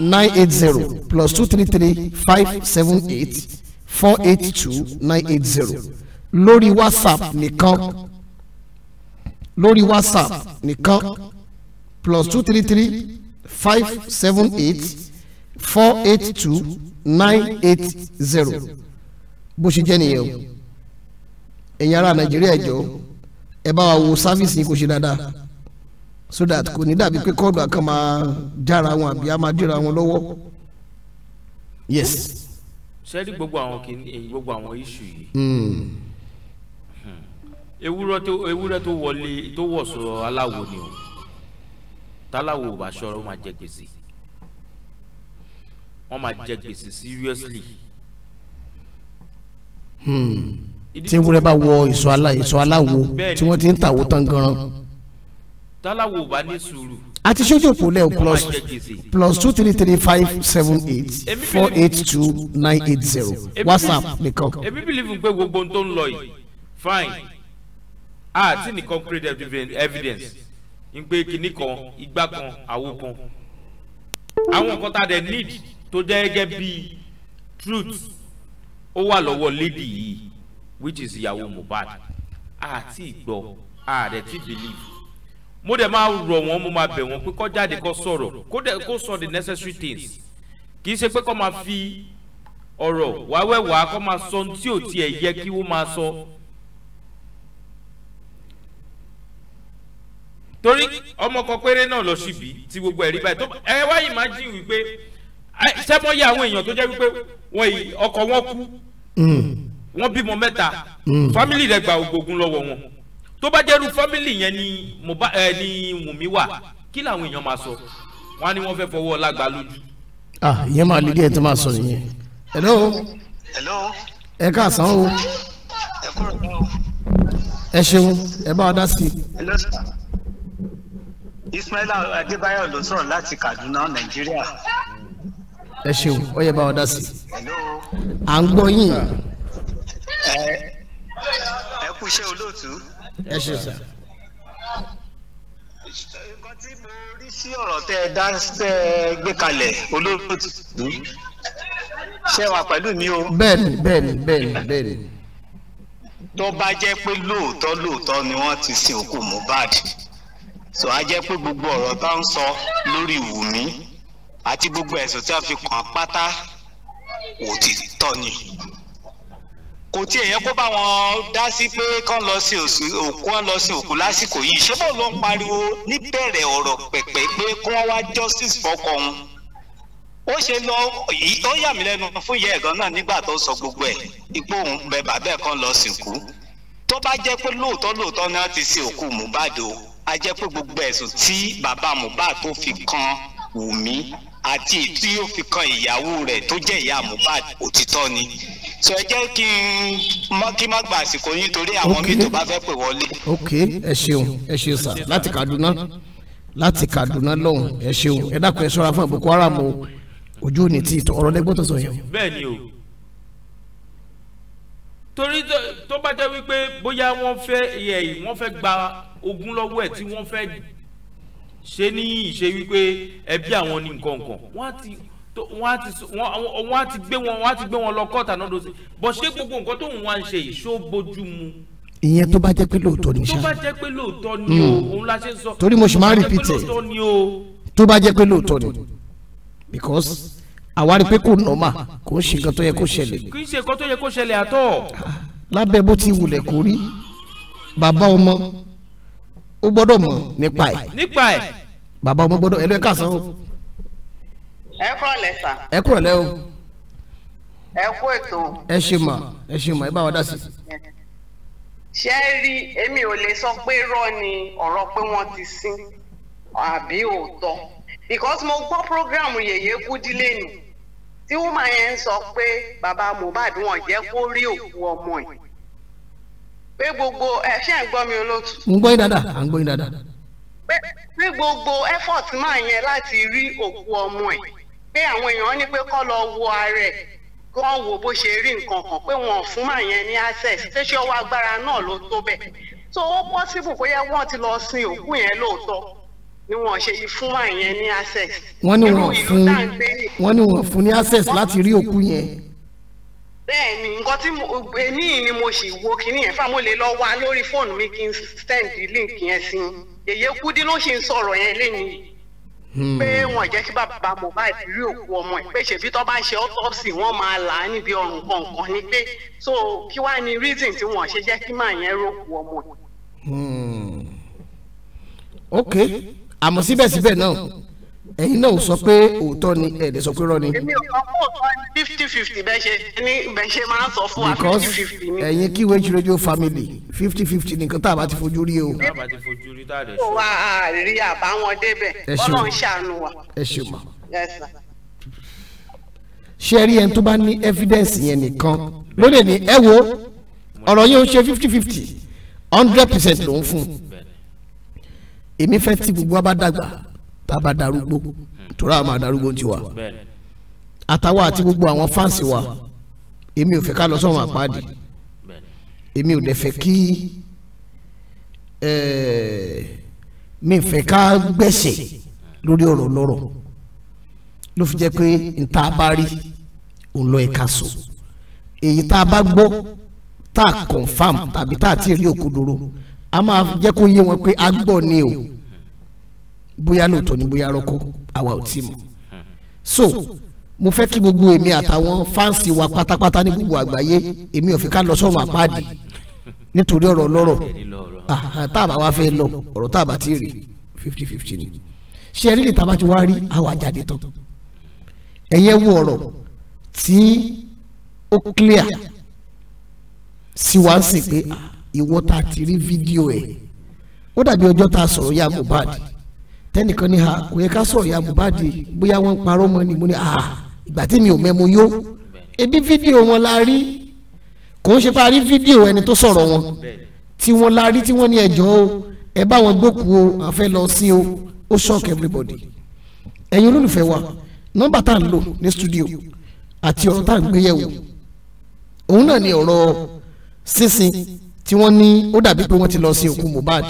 Speaker 1: nine eight zero plus two three three five seven eight four eight two nine eight zero lórí whatsapp nìkan lórí whatsapp nìkan plus two three three five seven eight four eight two nine eight zero bó ṣe jẹ́ nìyẹn o ẹ̀yin ará nàìjíríà jọ ẹ bá wa wo sáfíìsì kò ṣe dáadáa so that kò ní dàbí pé kọ́ọ̀dù àkàn máa jára wọn àbí a máa dìra wọn lọ́wọ́ yes.
Speaker 2: sẹ́ẹ̀dì gbogbo àwọn kìíní gbogbo àwọn iṣu yìí hmm. Hmm. ewúrẹ́ tó ewúrẹ́ tó wọlé tó wọ̀ sọ aláwo ni o táláwo ò bá ṣọ́ra ó máa jẹ gbèsè wọ́n máa jẹ gbèsè seriously.
Speaker 1: Hmm. tí ewúrẹ́ bá wọ ìsọ aláwo tí wọ́n ti ń tàwó tán gan-an
Speaker 2: táláwo ò bá ní sùúrù. àti sójú òpó lẹ́wọ̀ plus plus two three three five
Speaker 1: seven eight four eight two nine eight zero whatsapp nìkan.
Speaker 2: èmi bìlífù pé gbogbo ohun tó ń lọ yìí fine àti ní concrete evidence ń pé kinní kan igbá kan àwo kan àwọn nǹkan tá a dẹ̀ need tó jẹ́ gẹ́gẹ́ bí truth ó wà lọ́wọ́ lady yìí which is ìyàwó Mohbad àti ìgbọ́ àdẹ̀ tí believe mo dẹ̀ máa rọ̀ wọ́n mo máa bẹ̀ wọ́n pé kó jáde kó sọ̀rọ̀ kó dẹ̀ kó sọ the necessary things kì í ṣe pé kó máa fi ọ̀rọ̀ wáwẹ́wàá kó máa sọ tí ò tiẹ̀ yẹ kí wọ́n máa sọ. torí ọmọ kan péré náà lọ síbi tí gbogbo ẹ̀rí báyìí tó ẹ wá imagine wípé sẹ́mọ́ yẹ àwọn èèyàn tó jẹ́ wípé wọ́n yìí ọkọ wọn kú hmm. wọ́n bímọ mẹ́ta hmm. fámìlì rẹ̀ gba ògbógun lọ́wọ́ wọn tó bá jẹ́rú fámìlì yẹn ni Mohbad ẹ eh, ni Wùnmí wà kí làwọn èèyàn máa sọ wọn á ní wọn fẹ́ fọwọ́ lágbá lójú.
Speaker 1: ah ìyẹn máa lè díẹ̀ tó máa sọ nìyẹn. hello. hello. ẹ káàsán o. ẹ kúrò ní o. ẹ ṣeun ẹ bá wa dá sí i.
Speaker 3: hello sir.
Speaker 4: Ismaila Adébáyọ̀ ló sọ̀rọ̀ láti Kaduna Nàìjíríà.
Speaker 1: ẹ ṣeun ó yẹ bá wa dá sí i. hello. à ń gbọ́ yín. ẹ ẹ kú iṣẹ́ olóòtú ẹ ṣe sà.
Speaker 5: nǹkan tí mo rí sí
Speaker 4: ọ̀rọ̀ tẹ́ ẹ dá
Speaker 5: tẹ́ ẹ gbé kalẹ̀ olóró
Speaker 4: ti dùn
Speaker 1: ṣé wà pẹ̀lú mi o. bẹ́ẹ̀ni bẹ́ẹ̀ni bẹ́ẹ̀ni bẹ́ẹ̀ni.
Speaker 3: tó bá jẹ́ pé lóòótọ́ lóòótọ́ ni wọ́n ti sin òkú Mohbad so a
Speaker 2: jẹ́ pé gbogbo ọ̀rọ̀ tá ń sọ lórí Wùmí àti gbogbo ẹ̀sùn tí a fi kàn án pátá òtítọ́ ni kò tiẹ̀ yẹ kó bá wọn
Speaker 3: dá sí pé kán lọ sí òkú kán lọ sí òkú lásìkò yìí ṣé bọ́ọ̀ ló ń pariwo
Speaker 2: níbẹ̀rẹ̀ ọ̀rọ̀ pẹ̀pẹ̀ pé kí wọ́n wá justice fọ́kọ òun ó ṣe lọ ó yà mí lẹ́nu fún ìyá ẹ̀gán náà nígbà tó sọ gbogbo ẹ̀ ipò òun bẹ bàbá ẹ̀ kán lọ sìnkú tó bá jẹ́ pé lóòótọ́ lóòótọ́ ni wọ́n ti sin òkú Mohbad o a jẹ́ pé gbogbo ẹ̀sùn
Speaker 3: tí bàbá Mohbad tó fi kan Wùmí àti tí ó fi kan ìyàwó
Speaker 2: rẹ̀ tó jẹ́ ìyá Mohbad òtítọ́ ni so ẹ jẹ́ kí n mọ́ kí má gba àsìkò yín torí àwọn mi tó bá
Speaker 1: fẹ́ pè wọlé. ok ẹ ṣeun ẹ ṣeun sà láti Kaduna láti Kaduna lọ́hùn ẹ ṣeun ẹ dákun ẹ ṣọ́ra fún Boko Haram o ojú ò ní tí ìtọ ọ̀rọ̀ lẹgbọn tó sọ yẹn.
Speaker 2: bẹ́ẹ̀ni o torí tó bá jẹ́ wípé bóyá wọ́n fẹ́ ẹ̀yìn wọ́n fẹ́ gba ogún lọ́wọ́ ẹ̀ tí wọ́n fẹ́ ṣe ní ìṣe wípé ẹbí àwọn ní nǹkan kan wọ́n á ti wọ́n á ti gbé wọn wọ́n á ti gbé wọn lọ kọ́ọ̀tà náà lọ́sẹ̀ bọ́ ṣé gbogbo nǹkan tó ń wá ń ṣe yìí ṣó bójú mu.
Speaker 1: ìyẹn tó bá jẹ́ pé lóòótọ́ ni ṣá. tó bá
Speaker 2: jẹ́ pé lóòótọ́ ni o hmm. òun la ṣe ń sọ. torí mo ṣì máa ń rìpítì
Speaker 1: tó bá jẹ́ pé lóòótọ́ ni because àwa rí i pé kò nọ́mà kò ń ṣe nǹkan tó yẹ kó ṣẹlẹ̀.
Speaker 2: kì í ṣe nǹkan tó yẹ kó ṣẹlẹ̀ àtọ̀. Ah,
Speaker 1: lábẹ́ bó ti wulẹ̀ kórí bàbá ọmọ ó gbọ́dọ̀ mọ̀ nípa ẹ̀. nípa ẹ̀. bàbá ọmọ gbọ́dọ̀ ẹlẹ́ka sàn o.
Speaker 6: ẹ kúrọ̀lẹ́ sà. ẹ kúrọ̀lẹ́ o. ẹ kú ètò.
Speaker 1: ẹ ṣe mà ẹ ṣe mà ẹ bá wa dá sí.
Speaker 6: ṣé ẹ rí èmi ò lè sọ pé rọ ni ọ̀rọ̀ pé wọ́n ti sin àbí òótọ́ because mo gbọ́ programu yèyé kú dílé nì tí wọ́n máa yẹn sọ pé bàbá Mohbad wọn jẹ́ kó rí òkú ọmọ yìí pé gbogbo ẹ ṣe ń gbọ́ mi olóòtú. ń
Speaker 1: gbọ́ yín dáadáa à ń gbọ́ yín dáadáa.
Speaker 6: pé gbogbo effort máa yẹn láti rí òkú ọmọ ẹ̀ pé àwọn èèyàn ní pé kó lọ wo ara ẹ̀ kán wo bó ṣe rí nǹkan kan pé wọn ò fún màá yẹn ní access ṣéṣe ọwọ́ agbára náà ló tó bẹ́ẹ̀ tó ó possible bóyá wọ́n ti lọ sin òkú yẹn lóòótọ́ ni wọ́n ṣe fún màá yẹn ní access. wọ́n ní wọ́n fún ní access láti
Speaker 1: rí òkú yẹn
Speaker 6: bẹ́ẹ̀ni nǹkan tí èmi ni mo sì wo kinní yẹn fáwọn mo lè lọ wá lórí fóònù mi kí n send link yẹn sí i èyí kúdí ló ṣe ń sọ̀rọ̀ yẹn lẹ́nìí hmm. pé wọn jẹ́ kí bàbá Mohbad rí òkú ọmọ ẹ̀ pé ṣèbí tó bá ṣe autopsy wọ́n máa là á níbi ọrùn kọ̀ọ̀kan ni pé so kí wàá ní reason tí wọ́n ṣe jẹ́ kí màá yẹn rókú ọmọ ẹ̀.
Speaker 1: Hmm. ok àmọ́ síbẹ̀síbẹ̀ náà. No ẹ̀yin náà sọ pé òótọ́ ni ẹ̀ẹ́dẹ̀ sọ pé rọ́ ni. èmi
Speaker 6: ò sọ pé òótọ́ ni fifty fifty bẹ́ẹ̀ ṣe ní bẹ́ẹ̀ ṣe máa ń sọ fún wa fifty fifty ni. ẹ̀yin
Speaker 1: QH radio family fifty fifty nìkan tá a bá ti fojú rí o. tá
Speaker 6: a bá ti fojú rí tá a lè ṣe. wa rí àbáwọn débẹ̀ Ọlọ́run ṣàánú wa.
Speaker 1: ẹ ṣe mọ. ṣé ẹ rí ẹni tó bá ní evidence yẹn nìkan ló lè ní ẹ wo ọ̀rọ̀ yẹn ń ṣe fifty fifty hundred percent ló ń fún un èmi fẹ́ tí gbogbo wa bá dàgbà tábà darúgbó tóra àmà darúgbó ti wà àtàwa àti gbogbo àwọn fáǹsì wa èmi ò fẹ́ ká lọ sọ́wọ́n àpáàdì èmi ò dẹ̀ fẹ́ kí eh, mi fẹ́ ká gbẹ̀sẹ̀ lórí ọ̀rọ̀ lọ́rọ̀ ló fi jẹ́ pé nta bá rí òun lọ ẹ̀ka sọ èyí tá a bá gbọ́ tá a confam tàbí tá a ti rí òkodoro a máa jẹ́ kó yé wọn pé a gbọ́ ni o bóyá lóòótọ́ ni bóyá rọ́kọ́ àwa ò tí mọ̀ hmm. so mo fẹ́ kí gbogbo èmi àtàwọn fáǹsì wa pátápátá ní gbogbo àgbáyé èmi ò fi ká lọ sọ́run àpáàdì nítorí ọ̀rọ̀ lọ́rọ̀ tá a bá wá fẹ́ lọ ọ̀rọ̀ tá a bá ti rí fifty fifty ni ṣé ẹ rí lè ta bá ti wá rí àwọn àjáde tán ẹ̀yẹ wo ọ̀rọ̀ tí ó clear sí wa ń sìn pé ìwọ ti rí fídíò ẹ̀ ó dàbí ọjọ́ tá a sọ̀rọ̀ yá Mohbad tẹnìkan ní ha kò yẹ ká sọ̀rọ̀ ya mubadi bóyá wọ́n ń parọ́ mọ́ ni mo ní ah ìgbà tí mi ò mẹ́mu yó ebi fídíò wọn la rí kò ń ṣe pa rí fídíò ẹni tó sọ̀rọ̀ wọn tí wọ́n la rí tí wọ́n ní ẹjọ́ o ẹ bá wọn gbókù o àfẹ́ lọ sí o ó shock everybody ẹ̀yin olólùfẹ́ wa nọ́mbà tá à ń lò ní studio àti ọ̀rọ̀ tá à ń gbé yẹ̀wò òun náà ni ọ̀rọ̀ sísìn tí wọ́n ní ó dàbí pé wọ́n ti lọ sí òkú Mohbad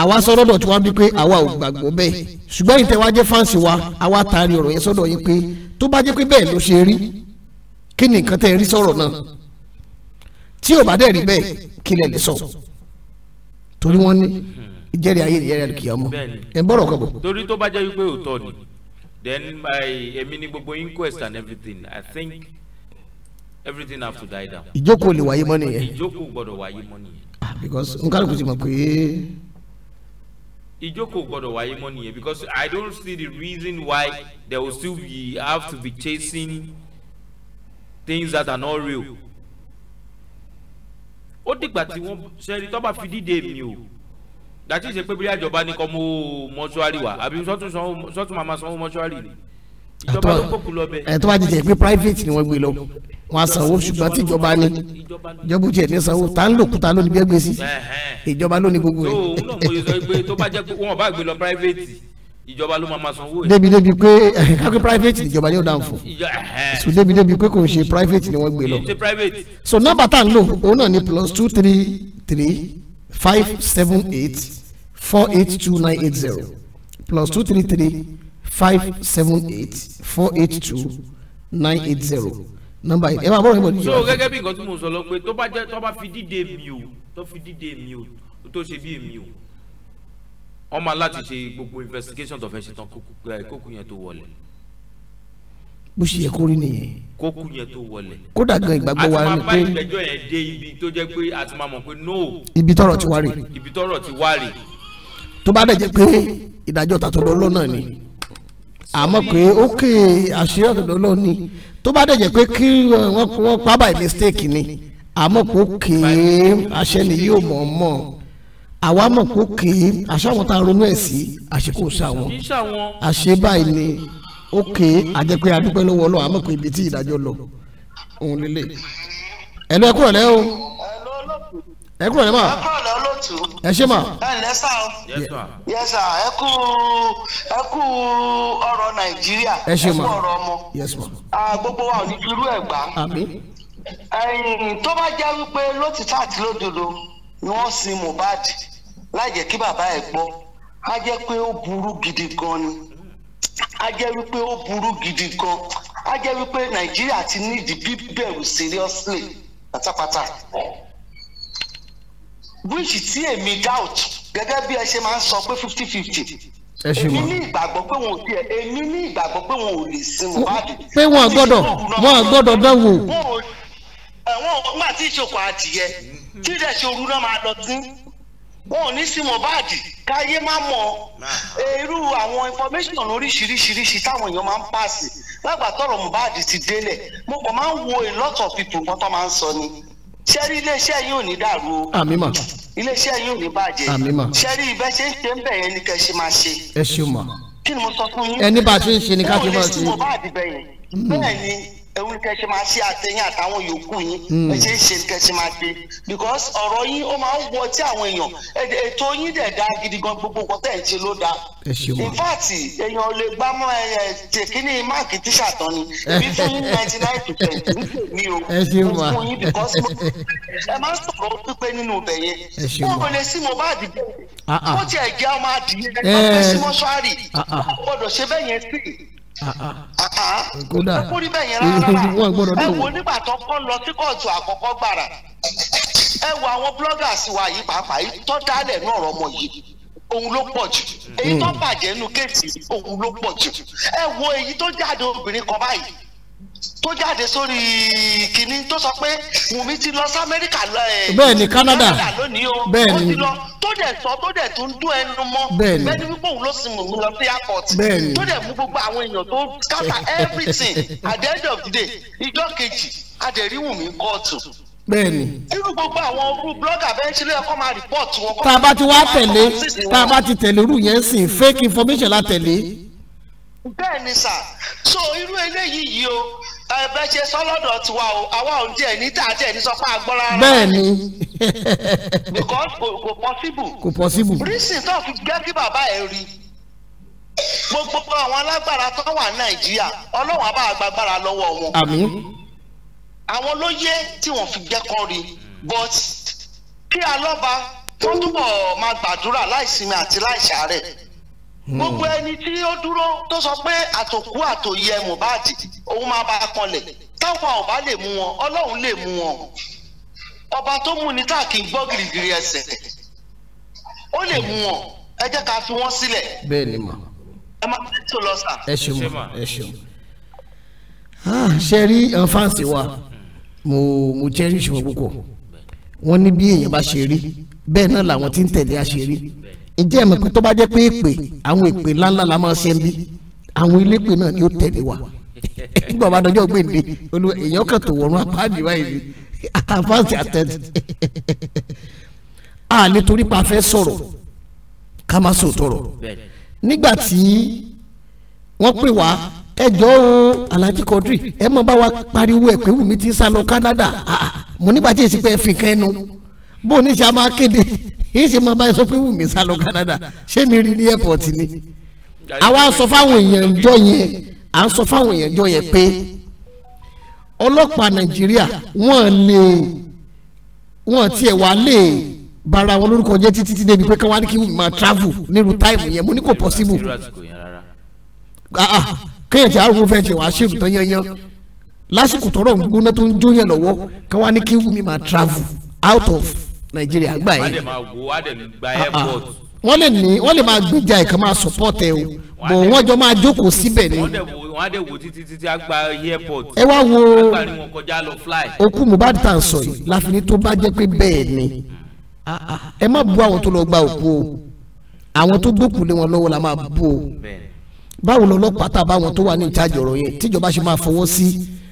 Speaker 1: àwa sọ lọ́dọ̀ tí wọ́n bí pé àwa ò gbàgbọ́ bẹ́ẹ̀ ṣùgbọ́n ìtẹ̀wá jẹ́ fáǹsì wa àwa taari ọ̀rọ̀ yẹn sọ́dọ̀ yín pé tó bá jẹ́ pé bẹ́ẹ̀ ló ṣe rí kí ni nǹkan tẹ́ ẹ rí sọ̀rọ̀ náà tí ò bá dẹ̀ rí bẹ́ẹ̀ kí lẹ lè sọ torí wọ́n ní ìjẹ́rìí ayé ìjẹ́rìí kìí ọmọ ẹ̀ ń bọ̀rọ̀ kọ̀bọ̀.
Speaker 2: inquest and everything I think everything have to die down. ìjókòó lè wáyé mọ́ nìyẹn. ìjókòó gbọ́dọ̀ wáyé mọ́ nìyẹn.
Speaker 1: Ah, because nkálukú ti mọ̀ pé.
Speaker 2: Ijoko got away money because I don't see the reason why they will still be have to be chasing things that are not real. Ó dìgbà tí wọ́n ṣẹ́ni tó fi dídé mi o. Dàtí ṣe pé bí àjọba ní kọ́ mú mọ́ṣúárì wá àbí sọ́tún màmá sanwó mọ́ṣúárì. Ìjọba ló kókù lọ bẹ́ẹ̀. Ẹ̀ tó bá
Speaker 1: jẹ́ pé private ni wọ́n gbé lọ wọn á sanwó ṣùgbọ́n tí ìjọba ní ìjọba tiẹ̀ ní sanwó tá ń lò kúta lónìí bí ẹgbẹ́ sí ìjọba lónìí gbogbo rẹ̀. tó náà mo yẹ sọ pé tó bá jẹ́ pé wọn bá
Speaker 2: gbé lọ private ìjọba ló máa ma sanwó yẹn. débi débi pé
Speaker 1: kápẹ́ private ìjọba ni ó dáhùn fún so débi débi pé kò ń ṣe private ni wọ́n gbé lọ so nọ́mbà tá ń lò òun náà ni plus two three three five seven eight four eight two nine eight zero plus two three three five seven eight four eight two nine eight zero nọ́mbà yìí ẹ máa bọ̀rọ̀ ìbòdì. so gẹ́gẹ́
Speaker 2: bí nǹkan tí mo sọ lọ pé tó bá jẹ́ tó bá fi dídé mi o tó fi dídé mi o tó ṣe bí mi o wọ́n máa láti ṣe gbogbo investigation tó fẹ́ ṣe tán kókó yẹn tó wọlé
Speaker 1: bó ṣe yẹ kó rí nìyẹn.
Speaker 2: kókó yẹn tó wọlé. kódà gan ìgbàgbọ́ wa ni pé. àti máa bá ìgbẹ́jọ́ yẹn dé ibi tó jẹ́ pé àti máa mọ̀ pé no.
Speaker 1: ibi tọ́rọ̀ ti wá rè.
Speaker 2: ibi tọ́rọ̀ ti wá rè.
Speaker 1: tó bá àmọ́ pé ókè àṣírí ọ̀dọ̀ lọ́wọ́ ni tó bá dẹ̀ jẹ́ pé kí wọ́n pa by mistake ni àmọ́ pé ókè àṣẹ nìyí ò mọ̀ mọ́ àwa mọ̀ pé ókè àṣẹ àwọn tá a ronú ẹ̀ sí àṣekò ṣàwọn àṣẹ báyìí ni ókè àjẹpẹ́ adúpẹ́ lọ́wọ́ ọlọ́wọ́ àmọ́ pé ibi tí ìdájọ́ lọ òun lélẹ̀ ẹ̀ lọ́ọ́ kúrọ̀ lẹ́wọ́ ẹ kúrò lẹ́mà. ẹ kúrò lẹ́ olóòtú. ẹ ṣé mà. ẹ ǹlẹ́ sá o. yẹ sá ẹ kú
Speaker 4: ẹ kú ọ̀rọ̀ nàìjíríà.
Speaker 1: ẹ ṣé mà ẹ kú ọ̀rọ̀ ọmọ.
Speaker 4: gbogbo wa ò ní fi irú ẹ̀ gbà. tó bá jẹ́ wípé lótìtá àti lódodo ni wọ́n sin Mohbad láì jẹ́ kí bàbá ẹ̀ gbọ́ á jẹ́ pé ó burú gidi gan ni á jẹ́ wípé ó burú gidi gan á jẹ́ wípé nàìjíríà ti ní ìdí bíbẹ̀rù seriously pátápátá which tí èmi doubt gẹ́gẹ́ bí ẹ ṣe máa ń sọ pé fifty fifty èmi ní ìgbàgbọ́ pé wọn ò tiẹ̀ èmi ní ìgbàgbọ́ pé wọn ò lè sin Mohbad. pé wọn gbọ́dọ̀ wọn gbọ́dọ̀ dán wò. wọn ò má tí ì ṣokò adìyẹ tí ìdẹ̀ ṣe òru náà máa lọ sí wọn ò ní sí Mohbad káyé má mọ irú àwọn information oríṣiríṣiríṣi táwọn èèyàn máa ń pàṣẹ lágbàtọ̀rọ̀ Mohbad ti délẹ̀ mo kàn máa ń wo a lot of people nǹkan tó máa ń sọ ni sẹ́rí iléeṣẹ́ yìí ò ní dàrú o. àmì mà. iléeṣẹ́ yìí ò ní bàjẹ́. àmì mà. sẹ́rí ibẹ̀ ṣe ń ṣe ń bẹ̀ yẹn ni kẹ́ ṣe máa ṣe. ẹ ṣeun mà. kí ni mo sọ fún yín. ẹni bá a ti ń ṣe ni ká ti máa ṣe. Hmm. bẹ́ẹ̀ ni ewu tẹ máa ṣe àtẹyìn àtàwọn yòókù yín hmm. ẹ ṣe ń ṣe tẹ ṣe máa ṣe because ọ̀rọ̀ yín ó máa ń wọ tí àwọn èèyàn ètò yín dẹ̀ da gidi gan gbogbo nǹkan tẹ̀ ń ṣe ló da in fact èèyàn lè gbá mọ́ ẹ tèkínní máàkì tíṣà tán ni èmi fún yín ninety nine percent mi o fún yín because ẹ máa ń sọ̀rọ̀ pípé nínú ibẹ̀ yẹn mo kò lè sí Mohbad bẹ́ẹ̀ mo tiẹ̀ jẹ́ ọmọ adìyẹ ẹ máa ah, fẹ́ ah kódà wọn gbọ́dọ̀ tó. ẹ wo nígbà tó kọ́ lọ sí kóòtù àkọ́kọ́ gbàrà ẹ wo àwọn bloggers wa yìí pàápàá yìí tó dálẹ̀ náà ọ̀rọ̀ ọmọ yìí òun ló pọ̀ jù èyí tó hmm. bàjẹ́ nu kéètì òun ló pọ̀ jù ẹ wo èyí tó jáde obìnrin kan báyìí tó jáde sórí kínní
Speaker 1: tó sọ pé Wùmí ti lọ sí Amẹ́ríkà lọ́ẹ̀. Eh, bẹ́ẹ̀ ni Canada
Speaker 4: bẹ́ẹ̀ ni tó dẹ̀ sọ tó dẹ̀
Speaker 1: tún dún ẹnu mọ́ bẹ́ẹ̀ ni
Speaker 4: wípé òun ló sì mú mi lọ sí airport tó dẹ̀ mú gbogbo àwọn èèyàn tó scatter everything at the end of the day ìjọ kejì adẹ̀rí Wùmí kóòtù. bẹ́ẹ̀ ni. irú gbogbo àwọn orú blọ́gà bẹ́ẹ̀ ṣe lè kọ́ máa rìpọ́ọ̀tù wọn. tá a bá ti wá tẹ̀lé tá a bá ti
Speaker 1: tẹ̀lé irú yẹn sìn fake information la tẹ̀lé.
Speaker 4: bẹ́ẹ̀ ni sà so irú eléyìí yìí o ẹbẹ ṣe sọlọdọ tiwa o àwa ò ń jẹ ní tààtẹ ní sọpá agbọra. bẹ́ẹ̀ni.
Speaker 1: because kò possible. kò possible. reason tó fi jẹ́
Speaker 4: kí bàbá ẹ̀ rí gbogbo àwọn alágbára tó wà nàìjíríà ọlọ́wọ́n àbá agbára lọ́wọ́ wọn. àmín. àwọn ló yẹ tí wọ́n fi jẹ́ kọ́ rí but kí alọ́ba tó túbọ̀ máa gbàdúrà láìsinmi àti láìsàárẹ̀. Hmm. gbogbo ẹni tí ó dúró tó sọ pé àtòkú àtòyẹ Mohbad òun máa bá a kanlẹ̀ táwọn ọba lè mú wọn ọlọ́run lè mú wọn ọba tó mú ni tá kì í gbọ́ gìrìgìrì ẹsẹ̀ ó lè mú wọn ẹ jẹ́ ká fi wọ́n sílẹ̀. bẹ́ẹ̀ ni mà. ẹ máa fi tó lọ sà. ẹ ṣeun
Speaker 1: ẹ ṣeun. Ah, ṣe rí fáǹsì wa mo mo cherish wọn púpọ̀ wọ́n ní bí èèyàn bá ṣe rí bẹ́ẹ̀ náà làwọn tí ń tẹ̀lé àṣírí ìjẹ́ ẹ̀mọ̀ pé tó bá jẹ́ pé èpè àwọn èpè ńláńlá la máa ṣe ń bí àwọn elépè náà ni ó tẹ̀lé wa nígbà bá dọjọ́ gbèǹde olú èèyàn kan tó wọ̀run apáàdì báyìí àtàfáàsì àtẹ̀tì a lè torí pa fẹ́ sọ̀rọ̀ ká má sò tọrọ nígbà tí wọ́n pè wá ẹjọ́ Alhaji Quadri ẹ mọ̀ bá wa pariwo ẹ̀ pé Wùmí ti sá lọ Canada mo nígbà tí èsì pé ẹ fi kan ẹnu bó ní sá máa kéde yìí ṣe máa bá sọ pé Wùmí sá lọ Canada ṣé mi rí ní airport ni àwa sọ fáwọn èèyàn jọ yẹn à ń sọ fáwọn èèyàn jọ yẹn pé ọlọ́pàá Nàìjíríà wọ́n lè wọ́n tiẹ̀ wá lè bara wọn lórúkọ jẹ́ títí tí débi pé káwá ní kí Wùmí máa travel nírú táìmù yẹn mo ní kò possible kéèyàn tí arúgbó fẹ́ jẹ wàá ṣèlú tán yányán lásìkò tọrọ ń gbóná tó ń jóyàn lọ́wọ́ káwá ní kí Wùmí máa travel out of nàìjíríà gbà yìí. Ah, ah. wọ́n lè ní wọ́n lè máa gbèjà ẹ̀ka máa support ẹ o bò wọ́n jọ máa jókòó síbẹ̀ ni.
Speaker 2: wọ́n á dẹ̀ wò títí títí á gba airport.
Speaker 1: ẹ wá wo òkú Mohbad tá à ń sọ yìí láfi ní tó bá jẹ́ pé bẹ́ẹ̀ ni ah, ẹ má bu àwọn tó lọ gba òkú o àwọn tó gbókùn lé wọn lọ́wọ́ la máa bu o báwo lọ́lọ́pàá tá a bá wọn tó wà ní ìtajà ọ̀rọ̀ yẹn tíjọba ṣe máa fọwọ́ sí.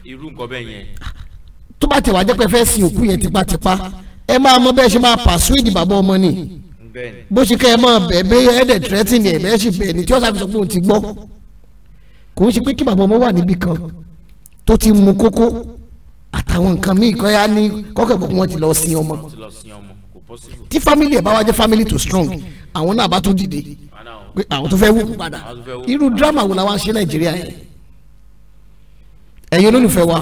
Speaker 2: irú nǹkan bẹ́ẹ̀ yẹn.
Speaker 1: tó bá tẹ̀ wá jẹ́ pé fẹ́ sin òkú yẹn tipátipá ẹ máa mọ bẹ́ẹ̀ ṣe máa pàṣúwìdì bàbá ọmọ ni bó ṣe kẹ́ ẹ máa bẹ̀ bẹ́ ẹ̀dẹ̀ tírẹ́tìnì ẹ̀ bẹ́ẹ̀ ṣì bẹ̀ ni tí ọ̀sán fi sọ pé òun ti gbọ́ kò ń ṣe pé kí bàbá ọmọ wà níbì kan tó ti mu kókó àtàwọn nǹkan míì kọ́ ya ní kọ́kẹ́kọ́ wọn ti lọ sin ọmọ tí family ẹ̀ bá wá jẹ́ family to strong àwọn náà bá tún dìde pé àwọn tó fẹ́ wù kú padà irú drama wo la wá Nàìjíríà yẹn ẹ̀yin olólùfẹ́ wa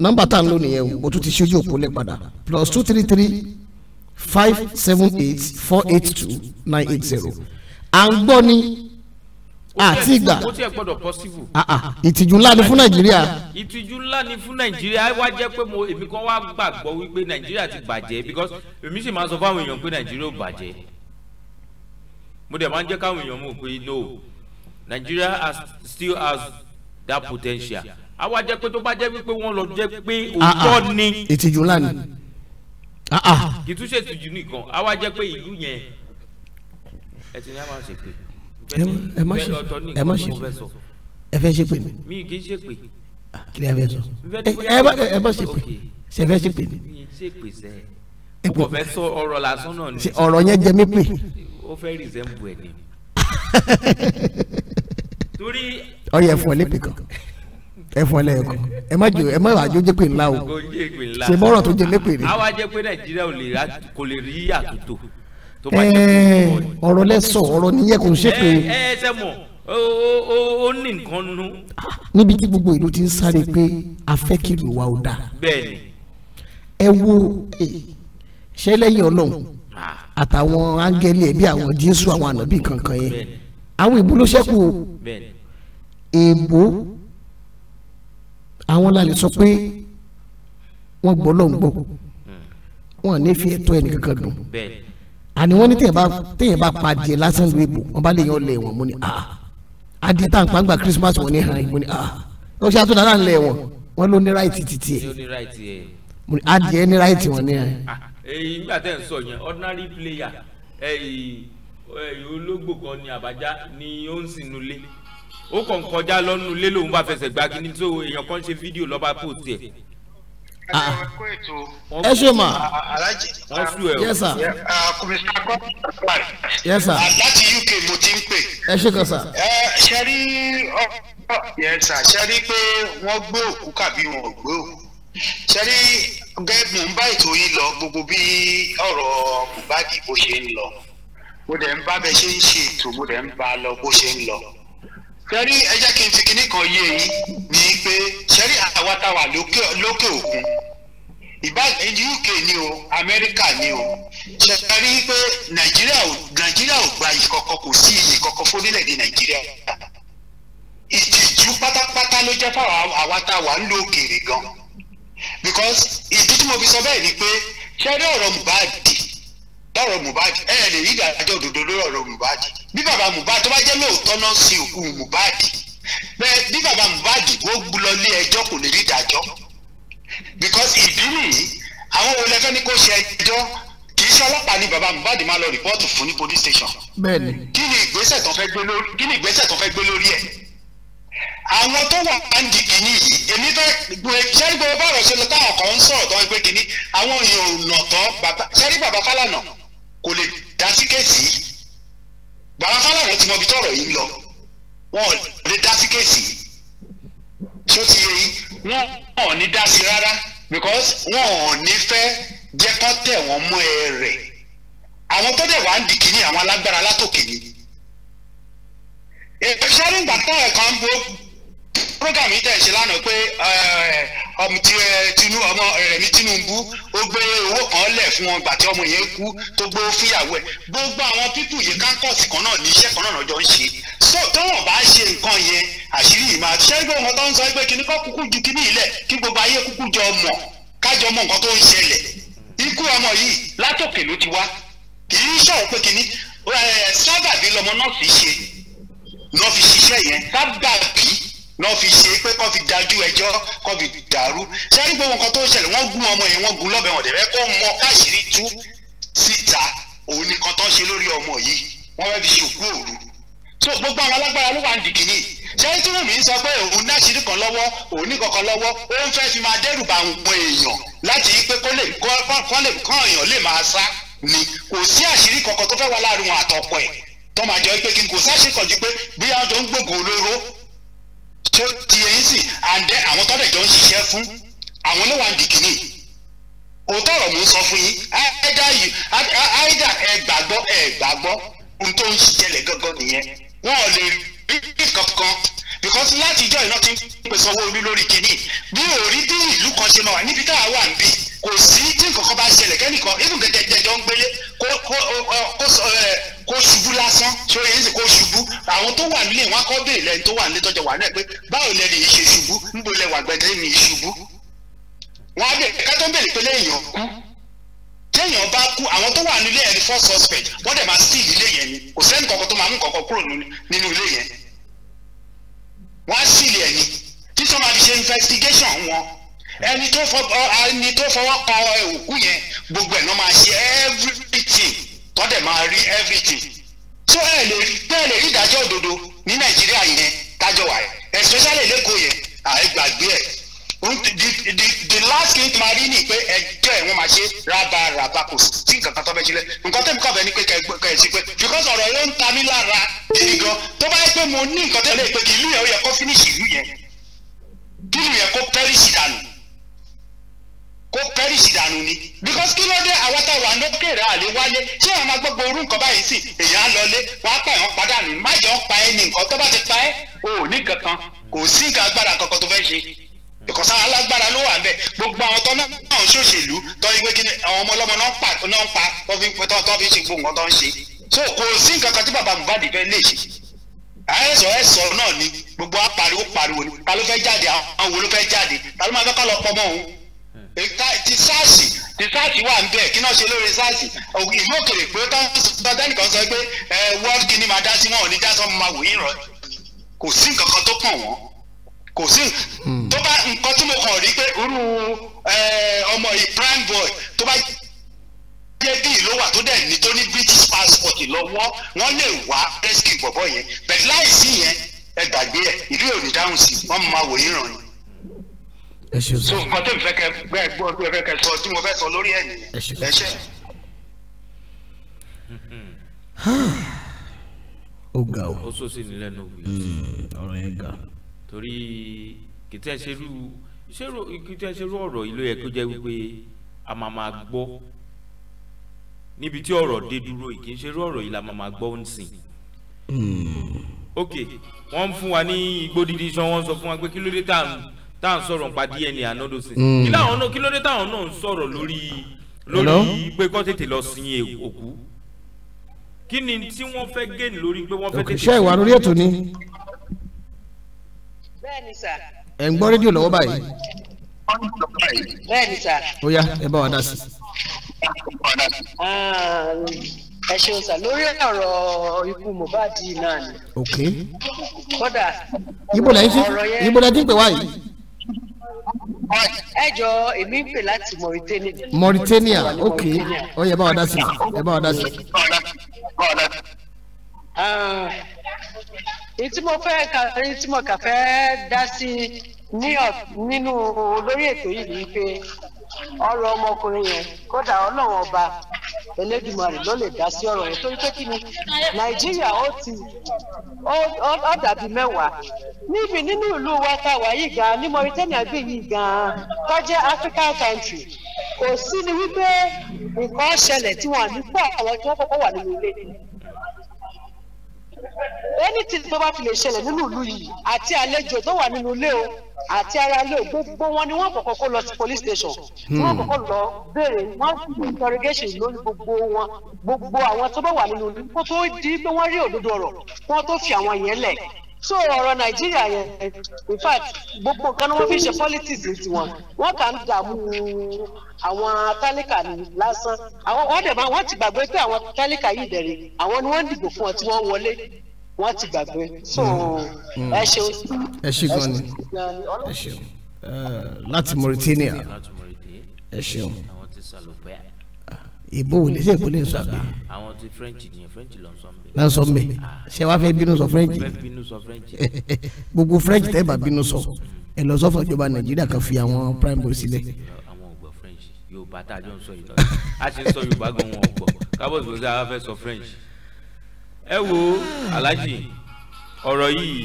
Speaker 1: nọ́mbà tá à nìyẹn o tún ti ṣojú òpó lẹ padà plus two three three five seven eight four eight two nine eight zero à ń gbọ́ ni àti ìgbà
Speaker 2: ah, ah. ìtìjú ńlá ni fún nàìjíríà. ìtìjú ńlá ni fún nàìjíríà wá jẹ́ pé mo èmi kan wá gbàgbọ́ wípé nàìjíríà ti bàjẹ́ because èmi sì máa sọ fáwọn èèyàn pé nàìjíríà ò bàjẹ́ mo dẹ̀ máa ń jẹ́ káwọn èèyàn mọ̀ pé no Nigeria has, still has that potential àwa jẹ́ pé tó bá jẹ́ wípé wọ́n lọ jẹ́ pé ah, ah. òótọ́ ni. ìtìjú ńlá ni. Ah, kìtú ṣe ìtìjú nìkan àwa jẹ́ pé ìlú yẹn ẹ ti ní a máa ṣe pé.
Speaker 1: ẹ má ṣe ẹ má ṣe ẹ fẹ́ ṣe pé mi.
Speaker 2: mi kì í ṣe pé.
Speaker 1: kí ni a fẹ́ sọ ẹ má ṣe pé ṣe fẹ́ ṣe pé mi.
Speaker 2: mi ṣe pé sẹ́yìn kò fẹ́ sọ ọ̀rọ̀ lásán náà ni. ọ̀rọ̀ yẹn jẹ mí pè. ó fẹ́ resemble ẹ̀ ni. torí. ọyẹ fún ọ lépè kan
Speaker 1: ẹ fún ẹ lẹ́yìn kan ẹ má jò ẹ má wàá jó jẹ́pè ńlá o
Speaker 2: ṣe bọ́rọ̀ tó jẹ lépè rẹ. àwa jẹ́ pé nàìjíríà kò lè rí àtúntò.
Speaker 1: ọ̀rọ̀ lẹ́sọ̀ ọ̀rọ̀ nìyẹn kò ń ṣépè. ẹ
Speaker 2: ẹ ṣe mọ̀ ó ní nǹkan nú.
Speaker 1: níbi tí gbogbo ìlú ti ń sáré pé a fẹ́ kí ìlú wa ó dáa. bẹ́ẹ̀ni. ẹ wo ṣẹ́ lẹ́yìn ọlọ́run àtàwọn áńgẹ́lì ẹ̀ bí àwọn jésù àwọn ànábì kankan yẹn àwọn ìbúlóṣẹ́kù èèbó àwọn la lè sọ pé wọ́n gbọ́ lọ́n gbọ́ wọn ní fi ẹ̀tọ́ ẹnì kankan dùn àní wọ́n ní téèyàn bá pa adìẹ lásán lu ibò wọ́n bá lè yan ọlẹ́ wọn mo ní ah adi tá à ń pa gba Christmas wọn ní hàn mo ní ah ó ṣe àtúndà náà ń lẹ̀ wọn wọn ló ní ráìtì títí ẹ̀ mo adi adìẹ ní ráìtì wọn ní hàn.
Speaker 2: Ah, èyí nígbà tẹ́ ń sọ yẹn ordinary player ológbò kan ni Àbájá ni ó ń sìnú lé ó kàn kọjá lọ́nu lé lòun bá fẹsẹ̀ gbá kí ni tó èèyàn kan ṣe fídíò lọ́ba post ẹ̀. ẹ ṣe mà. alájí
Speaker 3: wọ́n sùn ẹ̀ o. yes sir. kòmísà gómìnà yes sir. láti UK mo ti ń pè. ẹ ṣe kan sà. ẹ ṣe rí ọ yes sir ṣe rí pé wọ́n gbé òkú kàbí wọn ò gbé òkú ṣe rí gẹ́gẹ́ mò ń bá ètò yìí lọ gbogbo bí ọ̀rọ̀ Mohbad bó ṣe ń lọ mo dẹ̀ ń bá bẹ ṣe ń ṣe ètò mo dẹ̀ ń bá a lọ bó ṣe ń lọ. sẹ́rí ẹ jẹ́ kí n kan yé yín ní pé sẹ́rí àwa loke UK ni o Amẹ́ríkà ni o sẹ́rí pé Nàìjíríà ò Nàìjíríà ò gba iyì kankan kò sí iyì kankan fún Nàìjíríà ìtìjú pátápátá ló jẹ́ fáwọn lo òkèèrè gan because ìdí tí mo fi sọ bẹ́ẹ̀ ni pé sẹ́rí ọ̀rọ̀ lọ́rọ̀ Mohbad ẹ lè rí ìdájọ́ òdodo lórí ọ̀rọ̀ Mohbad bí bàbá Mohbad tó bá jẹ́ lóòótọ́ náà sí òkú Mohbad bẹ́ẹ̀ bí bàbá Mohbad ó lọ lé ẹjọ́ kò lè rí ìdájọ́ because ìdúró yìí àwọn olè fẹ́ ni kò ṣe ẹjọ́ kì í ṣe ọlọ́pàá ni bàbá Mohbad máa lọ rìpọ́ọ̀tù fún ní police station bẹ́ẹ̀ni kí ni ìgbésẹ̀ tó fẹ́ gbé lórí kí ni ìgbésẹ̀ tó fẹ́ gbé lórí ẹ̀ àwọn tó wà báńdì kìíní yìí èmi fẹ́ sẹ́rí gbogbo bá ọ̀rọ̀ ṣe lọ táwọn kan ń sọ̀rọ̀ tó ń gbé kìíní àwọn èèyàn ò nà tán sẹ́rí bàbá Fálànà kò lè dá sí kéèsì Gbàrà Fáláwọ̀ ti mọ ibi tọ̀rọ̀ yìí lọ wọn ò lè dá sí tó ti yẹ yìí wọn ò ní dá sí rárá because wọn ò ní fẹ́ jẹ́ kó tẹ̀ wọ́n mọ́ ẹ rẹ̀ àwọn tó dẹ̀ wá ń di kìíní àwọn alágbára látòkè ni. ìṣẹ́rìngbà táwọn kan bó program yìí tẹ̀ ṣe lánàá pé eh, ọmọ eh, tinu ọmọ eh, Rẹ̀mí Tinubu ó gbé owó kan lẹ̀ fún wọn gbà tí ọmọ yẹn kú tó gbé fúyàwó ẹ̀ gbogbo àwọn pípù yìí kánkọ̀sì kan náà ní iṣẹ́ kan náà jọ ń ṣe so tọ́wọ̀n bá ṣe nǹkan yẹn àṣírí ìmọ̀ àṣẹ́gbẹ́ wọn tó ń sọ pé kíní kọ́ kúkú ju kíní ilẹ̀ kí gbogbo ayé kúkú jọ mọ̀ kájọ mọ̀ nǹkan tó ń ṣẹlẹ̀ ikú ọmọ yìí látòkè ló ti wá kì í ṣọ̀rọ̀ pé kíní sábàbí lọmọ náà fi ṣe náà fi ṣiṣẹ́ yẹn sábàbí náà fi ṣe pé kọ́ fi dájú ẹjọ́ kọ́ fi dàrú sẹ́rí gbogbo nǹkan tó ń ṣẹlẹ̀ wọ́n gún ọmọ yẹn wọ́n gún lọ́bẹ̀ wọn dẹ̀bẹ́ kó mọ káṣírí tú síta òun nìkan tó ń ṣe lórí ọmọ yìí wọ́n fẹ́ fi ṣòkú òru so gbogbo àwọn alágbára ló wà ń dìgì ní sẹ́rí tí wọ́n mi ń sọ pé òun náṣírí kan lọ́wọ́ òun ní kankan lọ́wọ́ ó ń fẹ́ fi máa dẹ́rù bá àwọn èèyàn láti yí pé kó lè kán èèyàn lè máa sá ni kò sí àṣírí kankan tó fẹ́ wà láàrin wọn àtọ̀pọ̀ ẹ̀ tó máa jẹ́ pé kí n kò sáṣírí kan ju pé bí àwọn tó ń gbòògùn olóró tó di eyín sí and then àwọn tọ́lẹ̀ jọ ń ṣiṣẹ́ fún àwọn ló wà ní kìíní òótọ́ ọ̀rọ̀ mò ń sọ fún yín àìdá ẹ gbàgbọ́ ẹ gbàgbọ́ ohun tó ń ṣẹlẹ̀ gángan nìyẹn wọn ò lè rí kankan because láti ìjọ ìná ti ń pèsè owó orí lórí kìíní bí òrí bí ìlú kan ṣe máa wà níbi tá a wà níbí kò sí tí nǹkan kan bá ṣẹlẹ̀ kẹ́nìkan ibùgbẹ́dẹ́gbẹ́jọ ń gbélé kó kó ṣubú lásán tí ó yẹ kó ṣubú àwọn tó wà nílé wọn kọ́ béèrè tó wà nílé tọ́jà wà náà pé báwo lẹ́nu yìí ṣe ṣubú níbo lẹ wà gbẹdẹ mi ṣubú wọn á bẹ̀rẹ̀ ká tó pé lẹ́yìn ọ̀kú téèyàn bá kú àwọn tó wà nílé ẹni first suspect wọ́n dẹ̀ máa steal ilé yẹn ni kò sẹ́ni kankan tó máa mú kankan kúrò nínú ilé yẹn wọ́n á steal ẹ̀ ni títí wọ́n fi ṣe investigation wọn ẹni tó fọwọ́ kọ òkú yẹn gbogbo ẹ̀ ló máa ṣe everything tọ́dẹ̀ máa rí everything so ẹ lè rí bẹ́ẹ̀ lè rí ìdájọ́ òdodo ní nàìjíríà yẹn tájọ wà ẹ̀ especially lẹ́kọ̀ọ́ yẹn àì gbàgbé ẹ̀ the last thing máa rí ni pé ẹjọ́ ẹ̀ wọ́n máa ṣe rábàrábà kò sí nǹkan kan tó bẹ́ẹ̀ sílẹ̀ nǹkan tẹ́mi kọ̀ bẹ́ẹ̀ ni pé kẹ̀ sí pé because ọ̀rọ̀ yóò ń ta mí lára gidi gan tó bá yẹ pé mo ní nǹkan tẹ́lẹ̀ pé ìlú yẹn ó yẹ kó finish ìlú yẹn kí ìlú yẹn kó pẹ́rìsì dànù kó pẹ́rìsì dànù ni because kí ló dé àwọn táwọn àlókèrè àlè wálé ṣé àwọn máa gbogbo orú nǹkan báyìí sì èèyàn á lọlé wàá pa ẹ̀wọ̀n padànù má pa ẹ́ ti pa o ò ní kankan kò sí nǹkan ṣe ìkọ̀sá alágbára ló wà gbogbo àwọn náà ń ṣòṣèlú kí àwọn ọmọ ọlọ́mọ náà àìsàn gbogbo apariwo pariwo ti sars ti sars wà ń bẹ̀ kí náà ṣe lórí sars ìlú òkèrè pé tán sọdẹ́nìkan sọ pé ẹ world guinea máa dá sí wọn ò ní dá sọ máa wò yín rọ kò sí nǹkan kan tó kàn wọ́n kò sí hmm. tó bá nǹkan tí mo kàn rí pé irú ọmọ yìí prime boy tó bá jẹ́ bí ìlú wà tó dẹ̀ ní tó ní british passport lọ́wọ́ wọ́n lè wá rescue bọ̀bọ̀ yẹn bẹ̀rẹ̀ láì sí yẹn ẹ gbàgbé ẹ ìlú yóò ní dáhùn sí wọ́n máa wò yín ràn ẹ ṣe sọ. so nǹkan tó ń fẹ́ kẹ gbẹ́ gbọ́ tó fẹ́ kẹ sọ tí mo fẹ́ sọ lórí ẹ̀ nìyẹn
Speaker 2: ẹ ṣe.
Speaker 1: ó ga o. ó sọ sí ni lẹ́nu òbí. Hmm, ọ̀rọ̀ yẹn ga.
Speaker 2: torí kìtẹ́ ṣerú ṣerú kìtẹ́ ṣerú ọ̀rọ̀ yìí ló yẹ kó jẹ́ wípé a máa máa gbọ́ níbi tí ọ̀rọ̀ dé dúró yìí kì í ṣerú ọ̀rọ̀ yìí la máa máa gbọ́ ń sìn.
Speaker 5: Hmm.
Speaker 2: ok wọ́n ń fún wa ní igbó dídí sọ wọ́n sọ fún wa pé kí ló dé tá à ń tá à ń sọ̀rọ̀ nípa DNA and all those things mm. kí láwọn náà kí ló dé táwọn náà ń sọ̀rọ̀ lórí lórí pé kó tètè lọ sin òkú kí ni tí wọ́n fẹ́ gẹ́ni lórí pé wọ́n fẹ́ tètè. ṣé ìwà lórí ètò ni.
Speaker 1: bẹ́ẹ̀ni sà. ẹ ń gbọ́ rédíò lọ́wọ́ báyìí. bẹ́ẹ̀ni sà. ó yá ẹ bá wa dá sí.
Speaker 6: Ah, ẹ ṣeun sà lórí ọ̀rọ̀ ikú Mohbad náà ni. ok. kódà. ibo la yín ti ibo la yín pè wá yìí ẹ jọ èmi ń pè láti Mauritania. Mauritania ok
Speaker 1: ó yẹ bá wa dá sí ẹ bá wa dá sí.
Speaker 6: ìtí ah, mo fẹ́ ìtí mo kà fẹ́ dá sí nínú lórí ètò yìí ni pé. ọrọ ọmọkùnrin yẹn kódà ọlọ́run ọba Elédùmarè ló lè dá sí ọ̀rọ̀ yẹn torí pé kí ni Nàìjíríà ó ti ó dàbí mẹ́wàá níbi nínú ìlú wa ní Mauritania bí yìí gan tó jẹ́ African country ni wípé nǹkan ṣẹlẹ̀ tí wọ́n á ní àwọn anything tó bá fi lè ṣẹlẹ̀ nínú ìlú yìí àti àlejò tó wà nínú ilé o àti ara ilé o gbogbo wọn ni wọ́n kọ́kọ́ kó lọ sí police station hmm. wọ́n kọ́kọ́ lọ béèrè wọ́n fi interrogation lórí gbogbo wọn gbogbo àwọn tó bá wà nínú ìlú kó tó di pé wọ́n rí òdodo ọ̀rọ̀ kó tó fi àwọn yẹn lẹ̀ so ọ̀rọ̀ nàìjíríà yẹn in fact gbogbo nǹkan ni wọ́n fi ṣe politics ti wọn wọ́n kà ń dààmú àwọn tálíkà lásán àwọn wọ́n dẹ̀ máa wọ́n ti gbàgbé pé àwọn tálíkà yìí dẹ̀rẹ̀ àwọn ni wọ́n dìbò fún ọ tí wọ́n wọlé wọ́n ti gbàgbé
Speaker 1: so hmm. ẹ ṣeun. ẹ ṣe gan ni ẹ ṣeun láti Mauritania ẹ ṣeun ah, ìbò ò lè ṣe ìpínlẹ̀ sọ àbí.
Speaker 2: àwọn ti French ni French lọ sọ náà sọ mbẹ ṣé wàá fẹ́ bínú sọ french gbogbo french tẹ́ bá bínú sọ
Speaker 1: ẹ lọ sọ fọjọba nàìjíríà kan fi àwọn prime boy sílẹ̀.
Speaker 2: àwọn ò french yorùbá tá a jọ ń sọ yìí lọ a ṣe ń sọ yorùbá gan wọn ò gbọ́ kábọ̀sì bó ṣe àwọn fẹ́ sọ french. ẹ wo aláàjì ọ̀rọ̀ yìí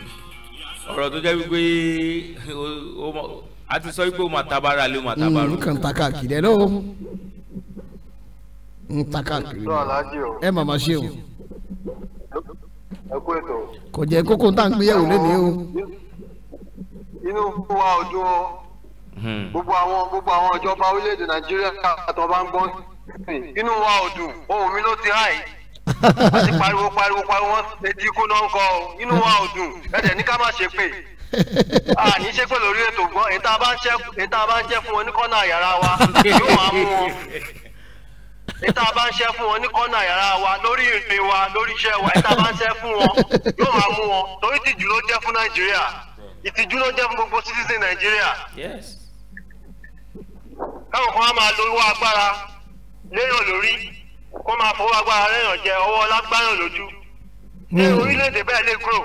Speaker 2: ọ̀rọ̀ tó jẹ́ wípé a ti sọ wípé o mà tabara lé o mà hmm, tabaro. nǹkan
Speaker 1: ta káàkiri ẹ lọ́wọ́ ń ta káàkiri ẹ màmá ṣe o kò jẹ́ kókó tá à ń gbéyàwó lẹ́nu o. inú
Speaker 5: wa ò dùn o hmm. gbogbo àwọn gbogbo àwọn ìjọba orílẹ̀-èdè nàìjíríà àtọ̀ bá ń gbọ́ inú wa ò dùn ohun mi ló ti háì àti pariwo pariwo pariwo wọn etí ikú náà ń kọ o inú wa ò dùn ẹ̀dẹ̀ ní ká má ṣe pé a ní ṣe pé lórí ètò gbọ́ èyí tá bá ń ṣe fún wọn ní kọ́nà àyàrá wa yóò máa mú wọn níta bá ń ṣẹ́ fún wọn ní kọ́nà yàrá wa lórí ìrìn wa lórí iṣẹ́ wa níta bá ń ṣẹ́ fún wọn yóò máa mú wọn torí ìtìjú ló jẹ́ fún nàìjíríà ìtìjú ló jẹ́ fún gbogbo citizen nàìjíríà. káwọn kan á máa lo owó agbára léèyàn lórí kó máa fowó agbára léèyàn jẹ ọwọ́ lágbáyàn lójú. ní hmm. orílẹ̀-èdè bẹ́ẹ̀ lè grow.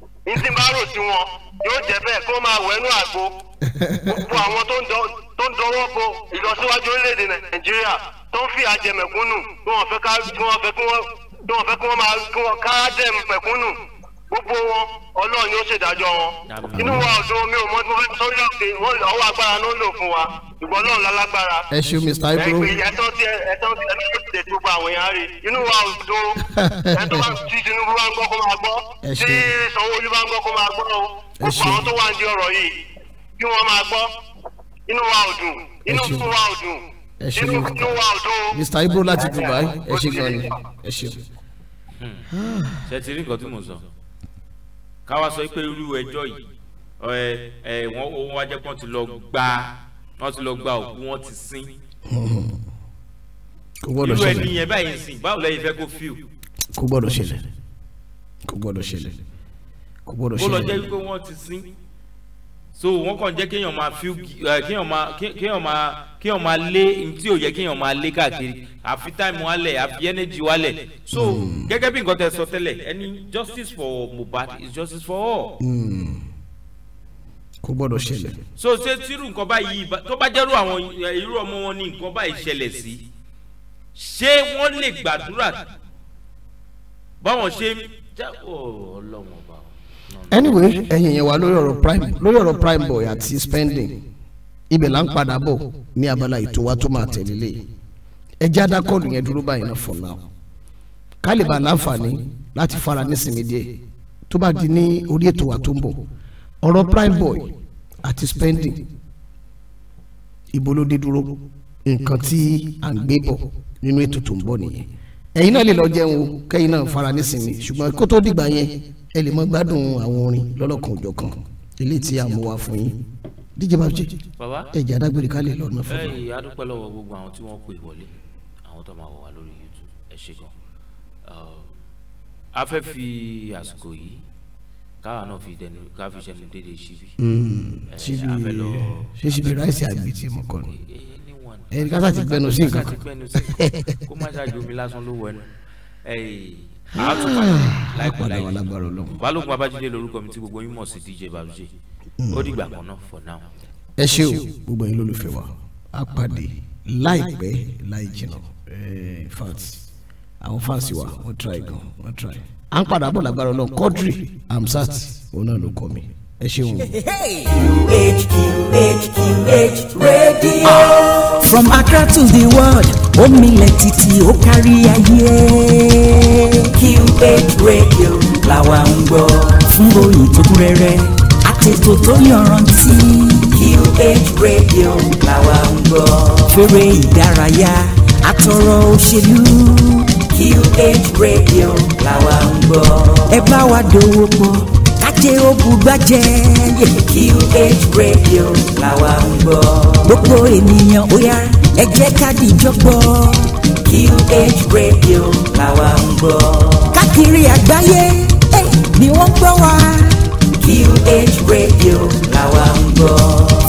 Speaker 5: ní tí n bá rò sí wọn yóò jẹ́ bẹ́ẹ̀ kó máa wẹnu àgbo gbogbo àwọn tó ń dọwọ́ bo ìlọsíwájú orílẹ̀-èdè nàìjíríà tó ń fi àjẹmẹ̀kúnnù tí wọ́n fẹ́ kí wọ́n máa ká jẹmẹ̀kúnnù gbogbo wọn ọlọ́run yóò ṣèdájọ́
Speaker 2: wọn inú wa
Speaker 5: ọ̀dọ́ omi ò mọ tí mo fẹ́ sọ yóò pé ọwọ́ agbára ló ń lò fún wa ìgbọ́ náà lálágbára. ẹ ṣe mr ibro. ẹtọ́ tí ẹtọ́ tí ẹtọ́ tí tètè tó gba àwọn èèyàn rè inú wa ọ̀dọ́ ẹtọ́ tí Tinubu bá ń gbọ́ kó máa gbọ́ tí Sanwó-Olú bá ń gbọ́ kó máa gbọ́ o gbogbo àwọn tó wà ń di ọ̀rọ̀ yìí kí wọ́n máa gbọ́ inú wa ọ̀dùn inú wa ọ̀dùn inú wa ọ̀dùn.
Speaker 1: mr ibro láti Dubai ẹ ṣe gan ni ẹ ṣe.
Speaker 2: Hmm. ṣe ti rí nǹkan tí mo sọ káwa sọ pé irú ẹjọ́ yìí ẹ ẹ wọn òun wá jẹ́ pọ́n ti lọ gba wọ́n ti lọ gba òkú wọn ti sin
Speaker 1: irú ẹni
Speaker 2: báyìí sìn báwo lẹ́yìn fẹ́ kó fíù.
Speaker 1: kò gbọ́dọ̀ ṣẹlẹ̀ kò gbọ́dọ̀ ṣẹlẹ̀ kò gbọ́dọ̀ ṣẹlẹ̀. ó lọ jẹ́ wípé
Speaker 2: wọ́n ti sin so wọ́n kàn jẹ́ kéèyàn máa fi eh, kéèyàn máa kéèyàn máa kéèyàn máa lé tí ò yẹ kéèyàn máa lé káàkiri àfi táìmù wálẹ̀ àfi ẹnẹ́jì wálẹ̀ so hmm. gẹ́gẹ́ bí nǹkan tẹ sọ tẹ́lẹ̀ ẹni justice for Mohbad is justice for all.
Speaker 1: Hmm. kò gbọ́dọ̀ ṣẹlẹ̀.
Speaker 2: so ṣé tírú nǹkan báyìí tó bá jẹ́rú àwọn eh, irú ọmọ wọn ní nǹkan báyìí ṣẹlẹ̀ sí ṣé wọ́n lè gbàdúrà báwọn ṣe ń jẹ́ ọ̀ọ́ oh, ọlọ́wọ́n
Speaker 1: anyway ẹ̀yìn yẹn wà lórí ọ̀rọ̀ prime lórí ọ̀rọ̀ prime boy àti spending ibẹ̀ là ń padà bọ̀ ní abala ètò wa tó máa tẹ̀lé lé ẹ já yẹn dúró báyìí náà for now ká láǹfààní láti fara nísìnyí díẹ̀ tó bá di ní orí ètò wa tó ń bọ̀ ọ̀rọ̀ prime boy àti spending ìbolódé dúró nǹkan tí à ń gbé bọ̀ nínú ètò tó ń bọ̀ nìyẹn ẹ̀yin náà lè lọ jẹun o náà fara nísìnyí ṣùgbọ́n kó dìgbà yẹn ẹ lè mọ gbádùn àwọn orin lọ́lọ́kan òjọ̀ kan ilé tí a mú wa fún yín díje babjé ẹ̀jẹ̀ adágbére ká lè lọ́nà fún mi.
Speaker 2: ẹ adúpẹ́ lọ́wọ́ gbogbo àwọn tí wọ́n pè wọlé àwọn tó máa wọ̀ wá lórí YouTube ẹ ṣe gan. a fẹ́ fi àsìkò yìí káwa náà fi dẹnu ká fi ṣẹnu dédé síbi.
Speaker 1: síbi hmm, ṣé síbi ráìsì àgbè tí mo kọ ni eh, eh, ẹni ká sá ti gbẹnu sí nǹkan kan. kó má
Speaker 2: ṣáàjú omi lásán ló wọ ẹnu a tún padà láìpẹ́ láìpẹ́ balógun babájídé lórúkọ mi tí gbogbo yín mọ̀ sí dj balùjẹ́
Speaker 1: ó dìgbà kan náà for now. ẹ ṣé o gbogbo yín lólùfẹ́ wa a pàdé láìpẹ́ láì jìnnà fans àwọn fans wa wọ́n try gan wọ́n try à ń padà bọ̀ lágbára ọlọ́run quadri amsat òun náà ló kọ́ mi ẹ ṣeun. QH QH QH radio. From Accra
Speaker 6: to the world Omi milẹ̀ títí ó kárí ayé. QH radio làwa ń gbọ́. fún ròyìn tó kún rẹ́rẹ́ àtètò tó yọrantí. QH radio làwa ń gbọ́. fèrè ìdárayá àtọ̀rọ̀ òṣèlú. QH radio làwa ń gbọ́. ẹ bá wa dòwò pọ̀ ajé ó bugbájẹ́. QH radio làwa ń gbọ́. gbogbo ènìyàn ó yá ẹ jẹ́ ká dìjọ́ QH radio làwa ń gbọ́. káàkiri àgbáyé ni wọ́n gbọ́ wa. QH radio làwa ń gbọ́.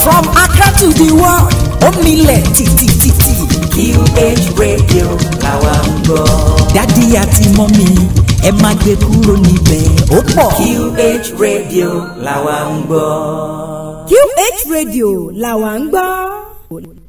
Speaker 6: from Accra to the world ó milẹ̀ tìtìtìtì. QH radio làwa ń gbọ́. dádì àti mọ́mí ẹ má gbé kúrò níbẹ̀ ó pọ̀. QH Radio làwa ń gbọ́. QH Radio làwa ń gbọ́.